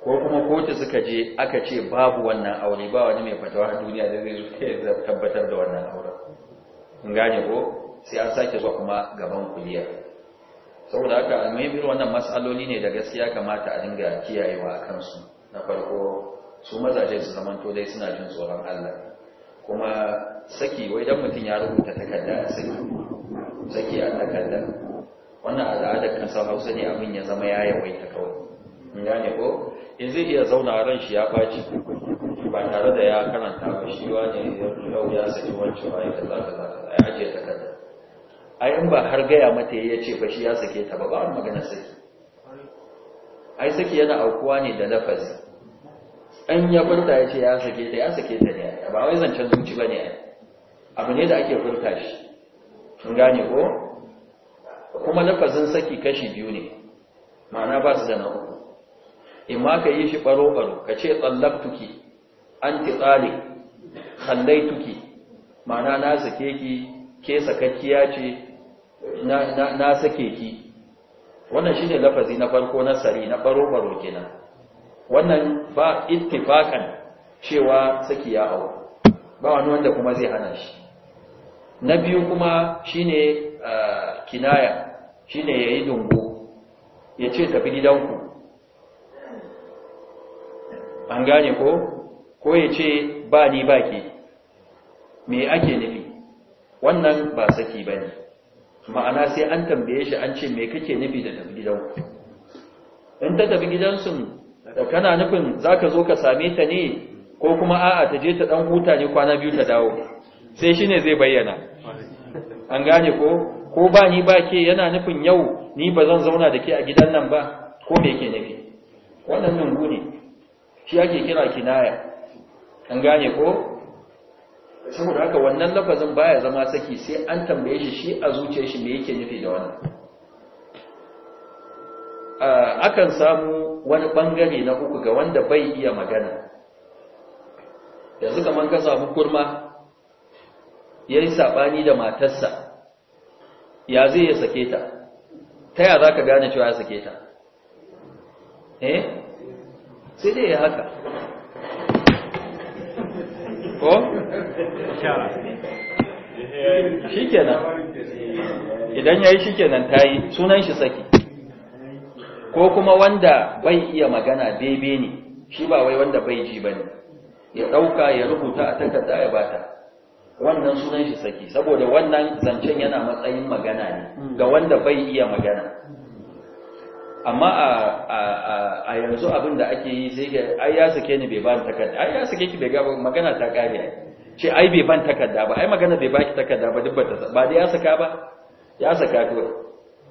Speaker 1: kuma ko kuma kotu suka je aka ce babu wannan aure ba wani mai fatawa a duniya da zai tabbatar da wannan auren in gane ko sai an sake zuwa kuma gaban kuliya saboda haka almuhimmin wannan matsaloli ne da gaskiya kamata a dinga kiyayewa a kansu na farko su mazaje su zamanto dai suna jin tsoron Allah kuma saki wai dan mutum ya rubuta takarda a saki saki a takarda wannan al'adar kasar hausa ne abin ya zama ya ta kawai in gane ko in zai iya zauna ran shi ya faci ba tare da ya karanta ba shi wani yau ya saki wancan ba ya kaza kaza kaza ya ajiye ta kaza ai in ba har gaya mata ya ce ba shi ya sake ta ba ba an magana saki ai saki yana aukuwa ne da lafazi an ya furta ya ce ya sake ta ya sake ta ne ba wai zancen zuci ba ne abu ne da ake furta shi kun gane ko kuma lafazin saki kashi biyu ne ma'ana ba su da uku in ma ka yi shi baro-baro ka ce tsallaktuki an ti tsali ma'ana na sake ki ke sakakkiya ce na sake ki wannan shi ne lafazi na farko na sari na baro-baro kenan wannan ba ittifakan cewa saki ya hau ba wani wanda kuma zai hana shi na biyu kuma shine ah, kinaya shine ya yi dungu ya ce tafi gidanku an gane ko ko ya ce ba ni ba ke me ake nufi wannan ba saki ba ne ma'ana sai an tambaye shi an ce me kake nufi da tafi gidanku in ta tafi gidansu kana nufin za ka zo ka same ta ne ko kuma a'a ta je ta ɗan huta ne kwana biyu ta dawo sai shi ne zai bayyana an gane ko ko ba ni ba ke yana nufin yau ni ba zan zauna da ke a gidan nan ba ko me yake nufi wannan nungu ne shi ake kira kinaya an gane ko saboda haka wannan lafazin baya zama saki sai an tambaye shi shi a zuciyar shi me yake nufi da wannan akan samu wani bangare na uku ga wanda bai iya magana yanzu kaman ka samu kurma yayi saɓani da matarsa ya zai ya sake ta ta ya za ka gane cewa ya sake ta eh sai dai ya haka ko? shi kenan idan ya yi shi kenan ta yi sunan shi saki ko kuma wanda bai iya magana bebe ne shi ba wai wanda bai ji ba ne ya ɗauka ya rubuta a takarda ya bata wannan sunan shi saki saboda wannan zancen yana matsayin magana ne ga wanda bai iya magana amma a yanzu abin da ake yi sai ga ai ya sake ni bai ban takarda ai ya sake ki bai ga magana ta kare ai ce ai bai ban takarda ba ai magana bai baki takarda ba dubbata ba ba da ya saka ba ya saka to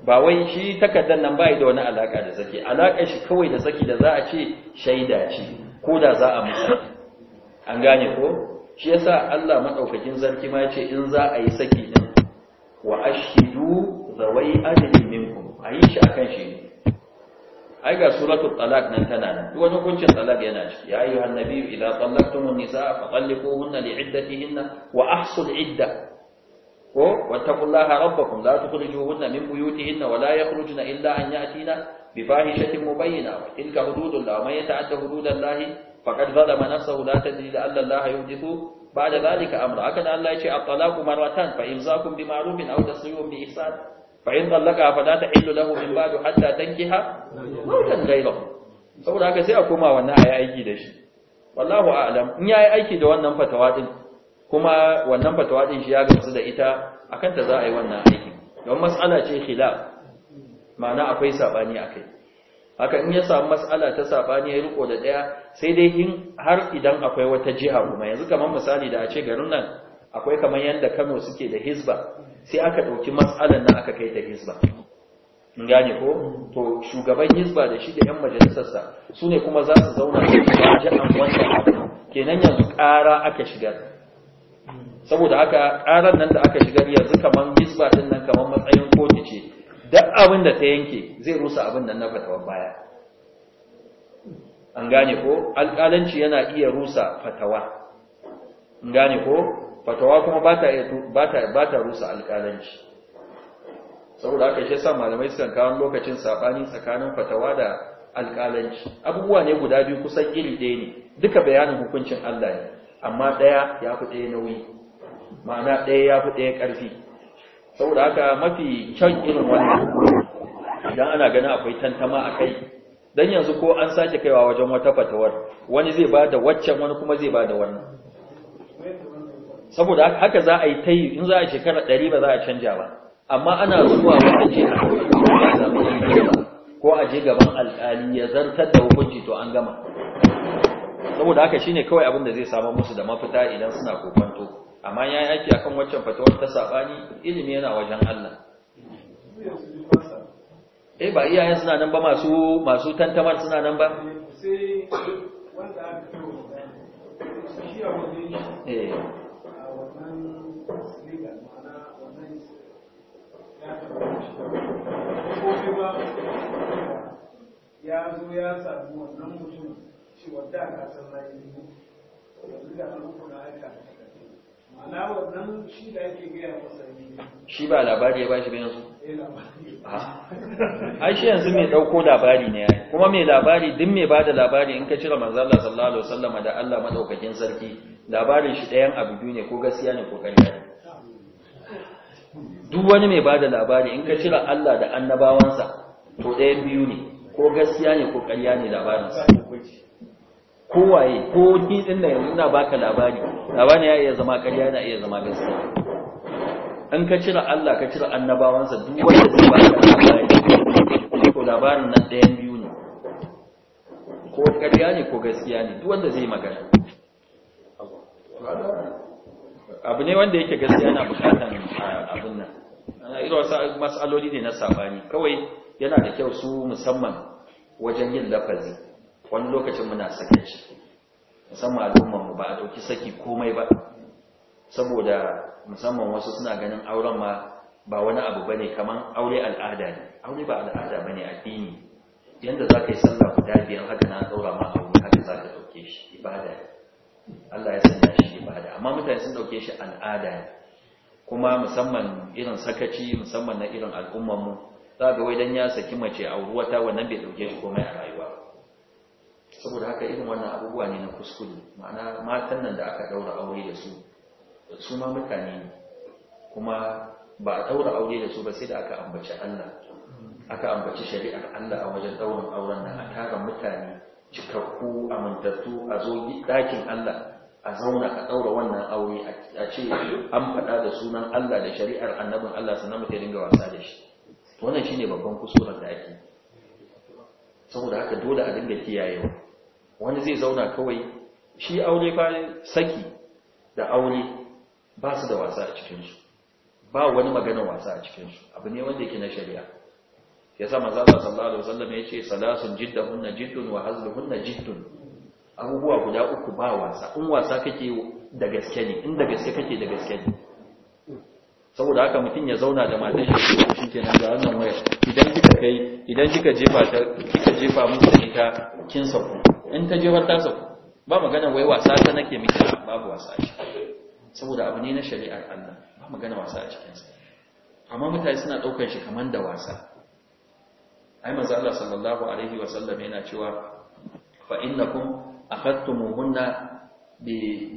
Speaker 1: ba wai shi takardan nan bai da wani alaka da saki alaka shi kawai da saki da za a ce shaida ce ko da za a musa an gane ko shi yasa Allah madaukakin sarki ma yace in za a yi saki din wa ashhidu zawai adalin minkum ayi shi akan shi ne ai ga suratul talaq nan tana nan duk wani hukuncin talaq yana ciki ya ayyuhan nabiyyu idza tallaqtumun nisaa fatalliquhunna li'iddatihinna wa ahsul idda ko wattaqullaha rabbakum la tukhrijuhunna min buyutihinna wa la yakhrujna illa an ya'tina bi fahishatin mubayyina wa tilka hududullah man yata'adda hududallahi faqad zalama nafsahu la tadri la alla Allah yuhdithu ba'da zalika amra haka Allah ya ce at-talaqu marratan fa imzakum bi ma'rufin aw tasrihum bi ihsan fa in dallaka fa la tahillu lahu min ba'du hatta tankiha mawtan ghayrahu saboda haka sai a koma wannan ayi aiki da shi wallahu a'lam in yayi aiki da wannan fatawa din kuma wannan fatawa din shi ya gamsu da ita akan ta za a yi wannan aikin don mas'ala ce khilaf ma'ana akwai sabani akai haka in ya samu mas'ala ta sabani ya riko da daya sai dai in har idan akwai wata jiha kuma yanzu kamar misali da a ce garin nan akwai kamar yanda Kano suke da Hizba sai aka dauki mas'alan nan aka kai ta Hizba in gane ko to shugaban Hizba da shi da yan majalisarsa su ne kuma za su zauna da jihar wannan abu kenan yanzu ƙara aka shigar saboda haka ƙaran nan da aka shigar yanzu kamar Hizba din nan kamar matsayin kotu ce duk abin da ta yanke zai rusa abin da na fatawan baya an gane ko alƙalanci yana iya rusa fatawa an gane ko fatawa kuma ba ta rusa alƙalanci saboda aka ishe sa malamai sukan kawo lokacin saɓani tsakanin fatawa da alƙalanci abubuwa ne guda biyu kusan iri ɗaya ne duka bayanin hukuncin Allah ne amma ɗaya ya fi ɗaya nauyi ma'ana ɗaya ya fi ɗaya ƙarfi saboda haka mafi kyan irin wannan idan ana ganin akwai tantama a kai don yanzu ko an sake kaiwa wajen wata fatawar wani zai ba da waccan wani kuma zai ba da wannan saboda haka za a yi ta yi in za a shekara ɗari ba za a canja ba amma ana zuwa wata ce ko a je gaban alƙali ya zartar da hukunci to an gama saboda haka shine kawai abin da zai samar musu da mafita idan suna kokonto amma ya yi aiki akan waccan fatawar ta saɓani ilimi yana wajen Allah eh ba iyayen suna nan ba masu masu tantamar suna nan ba
Speaker 2: eh. ya zo ya samu wannan mutum shi wadda ka san na yanzu da alukuna aika shi ba labari ya ba shi yanzu eh, ai shi yanzu mai
Speaker 1: dauko labari ne yi, kuma mai labari duk mai bada labari in ka cire manzo Allah sallallahu alaihi wasallam da Allah madaukakin sarki labarin shi ɗayan abu biyu ne ko gaskiya ne ko ƙarya ne duk wani mai bada labari in ka cire Allah da annabawansa to ɗayan biyu ne ko gaskiya ne ko ƙarya ne labarinsa kowaye ko ni din nan yanzu ina baka labari labari ya iya zama ƙarya yana iya zama gaskiya in ka cire Allah ka cire annabawansa duk wanda zai baka labari ko labarin nan ɗayan biyu ne ko ƙarya ne ko gaskiya ne duk wanda zai magana abu ne wanda yake gaskiya yana bukatan ah, abin nan ana irin wasu mas'aloli ne na sabani kawai yana da kyau su musamman wajen yin lafazi wani lokacin muna sakin shi musamman al'ummarmu ba a ɗauki saki komai ba saboda musamman wasu suna ganin auren ma ba wani abu bane kaman aure al'ada ne aure ba al'ada bane addini yanda ka yi sallah guda biyar haka na daura ma aure haka za ka dauke shi ibada Allah ya sanya shi ibada amma mutane sun dauke shi al'ada ne kuma musamman irin sakaci musamman na irin al'ummar mu za ga wai dan ya saki mace a ta wannan bai dauke shi komai a rayuwa saboda haka irin wannan abubuwa ne na kuskure ma'ana matan nan da aka daura aure da su su ma mutane ne kuma ba a daura aure da su ba sai da aka ambaci Allah aka ambaci shari'ar Allah a wajen daurin auren nan a tara mutane cikakku amintattu a zo ɗakin Allah a zauna a ɗaura wannan aure a ce an faɗa da sunan Allah da shari'ar annabin Allah sannan mutane dinga wasa da shi wannan shine babban kusurar da ake saboda haka dole a dinga kiyayewa wani zai zauna kawai shi aure fa saki da aure ba su da wasa a cikinsu ba wani magana wasa a cikinsu abu ne wanda yake na shari'a ya sa maza sa sallallahu alaihi wasallam ya ce salasun Hunna, jiddun wa Hunna, jiddun abubuwa guda uku ba wasa in wasa kake da gaske ne in da gaske kake da gaske ne saboda haka mutum ya zauna da matan shi shi nan da wannan waya idan kika kai idan kika jefa ta kika jefa musu ita kin sauko in ta jefar tasa sauka ba magana wai wasa ta nake miki babu wasa a ciki saboda abu ne na shari'ar Allah ba magana wasa a cikinsa amma mutane suna ɗaukar shi kamar da wasa ai manzo Allah sallallahu alaihi wa sallam yana cewa fa innakum akhadtumuhunna bi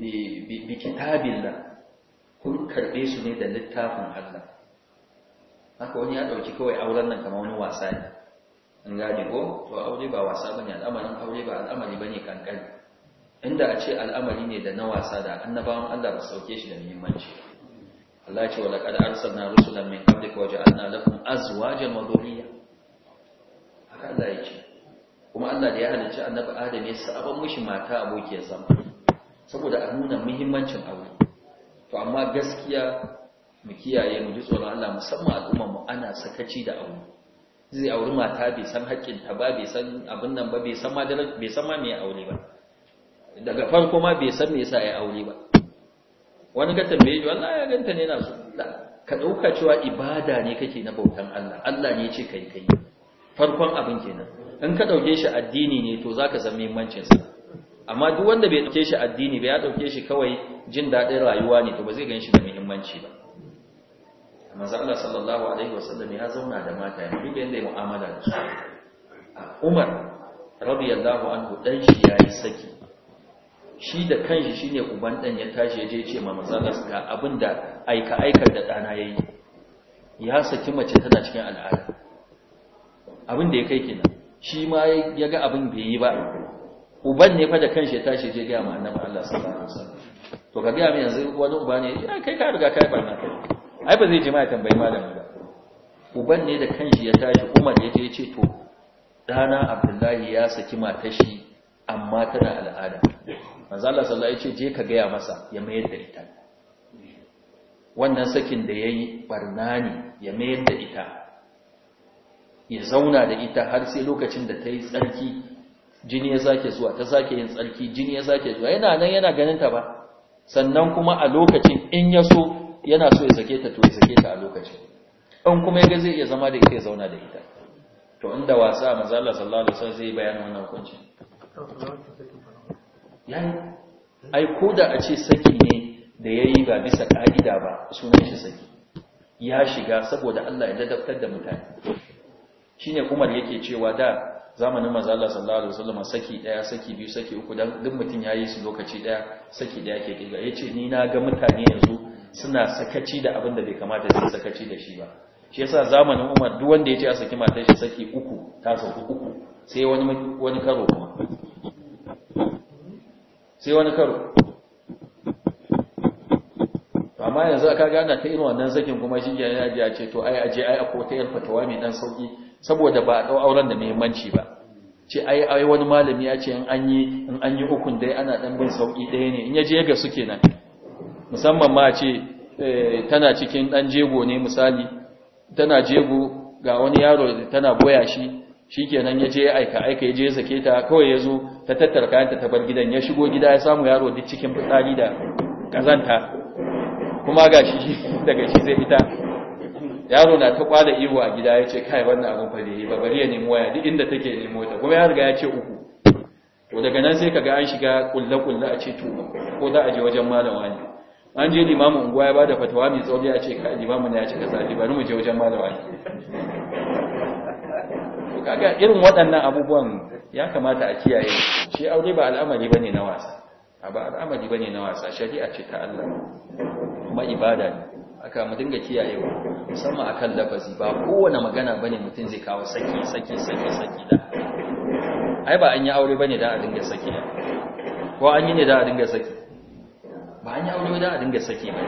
Speaker 1: bi bi kitabillah kun karbe su ne da littafin Allah haka wani ya dauki kawai auren nan kamar wani wasa ne in ko to aure ba wasa bane al'amarin aure ba al'amari bane kankani inda a ce al'amari ne da na wasa da annabawan Allah ba sauke shi da muhimmanci Allah ya ce wala qad arsalna rusulan min qablik wa ja'alna lakum azwajan wa dhurriyya haka Allah ya ce kuma Allah da ya halicci annabi Adam ya sabon mishi mata abokiyar zama saboda a nuna muhimmancin aure to amma gaskiya mu kiyaye mu ji tsoron Allah musamman al'ummar mu ana sakaci da aure zai auri mata bai san haƙƙinta ba bai san abin nan ba bai san ma bai san ma me aure ba daga farko ma bai san me yasa ya aure ba wani ka tambaye shi wallahi ya ganta ne na su. ka dauka cewa ibada ne kake na bautan Allah Allah ne ya ce kai kai farkon abin kenan in ka dauke shi addini ne to zaka san muhimmancin sa amma duk wanda bai dauke shi addini ba ya dauke shi kawai jin dadin rayuwa ne to ba zai gan shi da muhimmanci ba manzo Allah sallallahu alaihi wasallam ya zauna da mata ya Duk yadda ya mu'amala da su Umar radiyallahu anhu dan shi ya yi saki shi da kanshi shine uban dan ya tashi ya je ce ma manzo Allah ga abinda aika aikar da dana yayi ya saki mace tana cikin al'ada abin da ya kai kina shi ma ya ga abin bai yi ba uban ne fa da kanshi ya tashi je ga ma annabi Allah sallallahu alaihi wasallam to kaga mai yanzu wani uba ne ya kai ka riga kai na kai ai ba zai je ma ya tambayi malami ba uban ne da kanshi ya tashi umar ya je ce to dana abdullahi ya saki matar shi amma tana al'ada manzo Allah sallallahu alaihi je ka gaya masa ya mayar da ita wannan sakin da yayi barna ne ya mayar da ita ya zauna da ita har sai lokacin da ta yi tsarki jini ya sake zuwa ta sake yin tsarki jini ya sake zuwa yana nan yana ganin ta ba sannan kuma a lokacin in ya so yana so ya sake ta to ya sake ta a lokaci. an kuma ga zai iya zama da ita ya zauna da ita to inda wasa manzo Allah sallallahu alaihi wasallam zai bayyana wannan hukunci yayi ai koda a ce saki ne da yayi ba bisa ka'ida ba sunan shi saki ya shiga saboda Allah ya dadaftar da mutane shine da yake cewa da zamanin manzo Allah sallallahu alaihi wasallam saki daya saki biyu saki uku dan duk mutun yayi su lokaci daya saki daya ke kiga yace ni na ga mutane yanzu suna sakaci da abin da bai kamata su sakaci da shi ba shi yasa zamanin Umar duk wanda yace a saki matar shi saki uku ta sauku uku sai wani wani karo kuma sai wani karo amma yanzu aka ana ta irin wannan sakin kuma shi ya ji ya ce to ai aje ai akwai ta yar fatawa mai dan sauki saboda ba a dau auren da muhimmanci ba ce ai ai wani malami ya ce in an yi in an yi hukun dai ana dan bin sauki ɗaya ne in ya je ga su kenan musamman ma ce eh, tana cikin dan jego ne misali tana jego ga wani yaro da tana boya shi shi kenan ya je aika aika ya je ya sake ta kawai ya zo ta tattara kayanta ta bar gidan ya shigo gida ya samu yaro duk cikin fitsari da kazanta kuma ga shi daga shi zai fita yaro na ta kwada ihu a gida ya ce kai wannan abin fare yi bari ya nemo waya duk inda take nemo ta kuma ya riga ya ce uku to daga nan sai kaga an shiga kulle a ce to ko za a je wajen malamani. ne an je Limamu unguwa ya bada fatawa mai tsobi a ce Limamu ne ya cika ne bari mu je wajen malawa ne kaga irin waɗannan abubuwan ya kamata a kiyaye shi aure ba al'amari bane na wasa ba al'amari bane na wasa shari'a ce ta Allah kuma ibada ne aka mu dinga kiyayewa musamman akan lafazi ba kowane magana bane mutum zai kawo saki saki saki saki da ai ba an yi aure bane da a dinga saki ko an yi ne da a dinga saki ba an yi aure wajen a dinga saki ba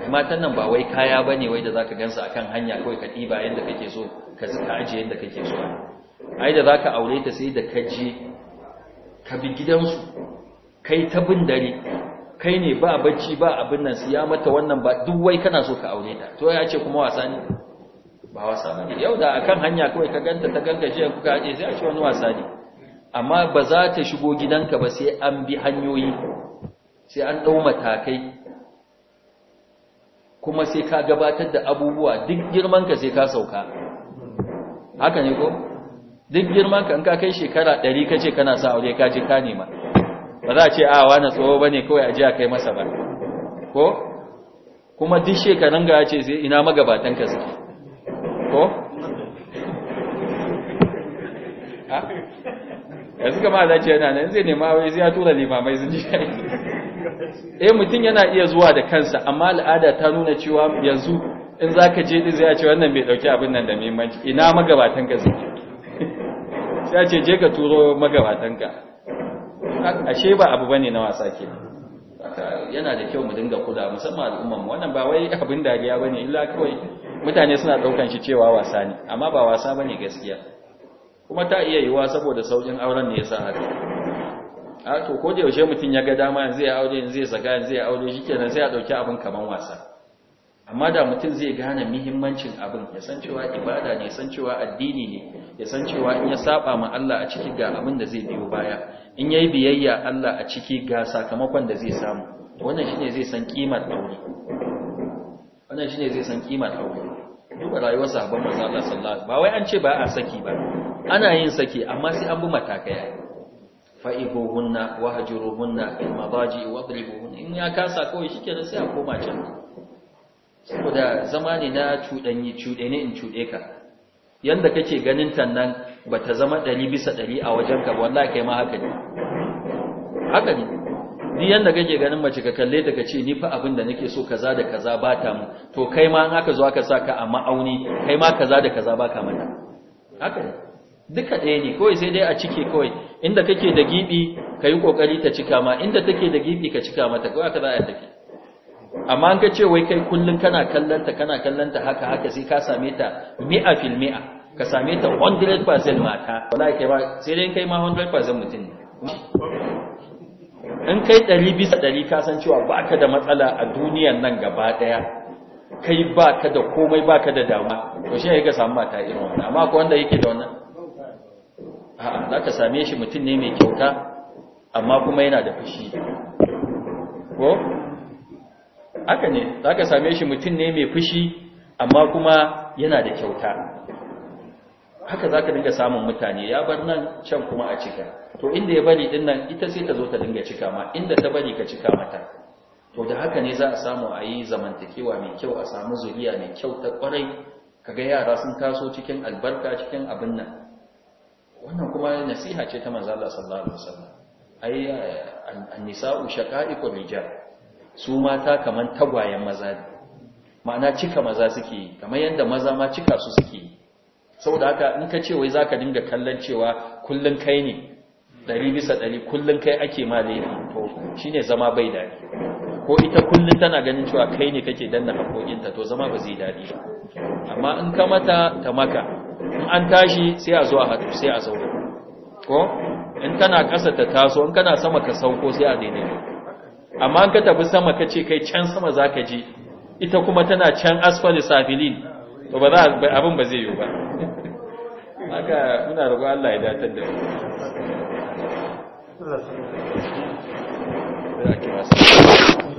Speaker 1: ai matan nan ba wai kaya ba ne wai da za ka gansa a kan hanya kawai ka ɗiba yadda kake so ka ajiye yadda kake so ai da za ka aure ta sai da ka je ka bi gidansu kai ta bin dare kai ne ba bacci ba abin nan siya mata wannan ba duk wai kana so ka aure ta to ya ce kuma wasa ne ba wasa ba ne yau da akan hanya kawai ka ganta ta gangaje kuka aje sai a ce wani wasa ne amma ba za ta shigo gidanka ba sai an bi hanyoyi sai an ɗau matakai kuma sai ka gabatar da abubuwa duk girmanka sai ka sauka haka ne ko duk girmanka in ka kai shekara ɗari ka ce kana sa aure ka je ka nema ba za a ce a wani tsoho ba ne kawai a ji a kai masa ba ko kuma duk shekarun ga ce sai ina magabatanka suke ko yanzu kama a ce yana nan zai nema wai zai ya tura limamai zai ji shayi eh mutum yana iya zuwa da kansa amma al'ada ta nuna cewa yanzu in zaka je din zai ce wannan bai dauki abin nan da muhimmanci ina magabatan ka suke sai ce je ka turo magabatan ka ashe ba abu bane na wasa ke yana da kyau mu dinga kula musamman al'umman mu wannan ba wai abin dariya bane illa kawai mutane suna daukan shi cewa wasa ne amma ba wasa bane gaskiya kuma ta iya yiwa saboda saukin auren ne yasa haka a to ko da yaushe mutum ya ga dama yanzu ya aure yanzu ya saka yanzu ya aure shikenan sai a dauki abin kaman wasa amma da mutum zai gane muhimmancin abin ya san cewa ibada ne san cewa addini ne ya san cewa in ya saba ma Allah a ciki ga abin da zai biyo baya in yayi biyayya Allah a ciki ga sakamakon da zai samu wannan shine zai san kimar aure wannan shine zai san kimar aure duba rayuwar sahabban manzo Allah sallallahu alaihi wasallam ba wai an ce ba a saki ba ana yin saki amma sai an bi matakai fa'ibuhunna wahjuruhunna fil madaji wadribuhunna in ya kasa kawai shikenan sai a koma can saboda zama ne na cuɗanyi cuɗe ne in cuɗe ka yanda kake ganin tannan ta zama ɗari bisa ɗari a wajen ka wallahi kai ma haka ne haka ne ni yanda kake ganin mace ka kalle ta kace ni fa abin da nake so kaza da kaza ba ta mu to kai ma in aka zo aka saka a ma'auni kai ma kaza da kaza ba ka mata haka ne duka ɗaya ne kawai sai dai a cike kawai inda kake da gibi ka yi ƙoƙari ta cika ma inda take da gibi ka cika mata kawai aka za a tafi amma an ka ce wai kai kullum kana kallanta kana kallanta haka haka sai ka same ta mi'a fil mi'a ka same ta 100% mata wallahi kai ba sai dai kai ma 100% mutum ne in kai 100 bisa 100 ka san cewa baka da matsala a duniyar nan gaba daya kai ba ka da komai ba ka da dama to shi ya ga samu mata irin wannan amma akwai wanda yake da wannan a'a za ka same shi mutum ne mai kyauta amma kuma yana da fushi ko haka ne za ka same shi mutum ne mai fushi amma kuma yana da kyauta haka za ka dinga samun mutane ya bar nan can kuma a cika to inda ya bari din nan ita sai ta zo ta dinga cika ma inda ta bari ka cika mata to da haka ne za a samu a yi zamantakewa mai kyau a samu zuriya mai kyau ta kwarai kaga yara sun taso cikin albarka cikin abin nan wannan kuma nasiha ce ta manzo Allah sallallahu alaihi wasallam ai an-nisa'u shaqa'iqur rijal su mata kaman tagwayen maza ne ma'ana cika maza suke yi kamar yadda maza ma cika su suke yi saboda haka in ka ce wai zaka dinga kallon cewa kullun kai ne ɗari bisa ɗari kullun kai ake ma laifi to shine zama bai daɗi ko ita kullun tana ganin cewa kai ne kake danna haƙoƙinta to zama ba zai daɗi ba amma in ka mata ta maka in an tashi sai a zo a haɗu sai a sauko ko in kana ƙasa ta taso in kana sama ka sauko sai a daidai amma in ka tafi sama ka ce kai can sama za ka je ita kuma tana can asfali safilin to ba za abin ba zai yi ba haka muna roƙon Allah ya datar da
Speaker 2: mu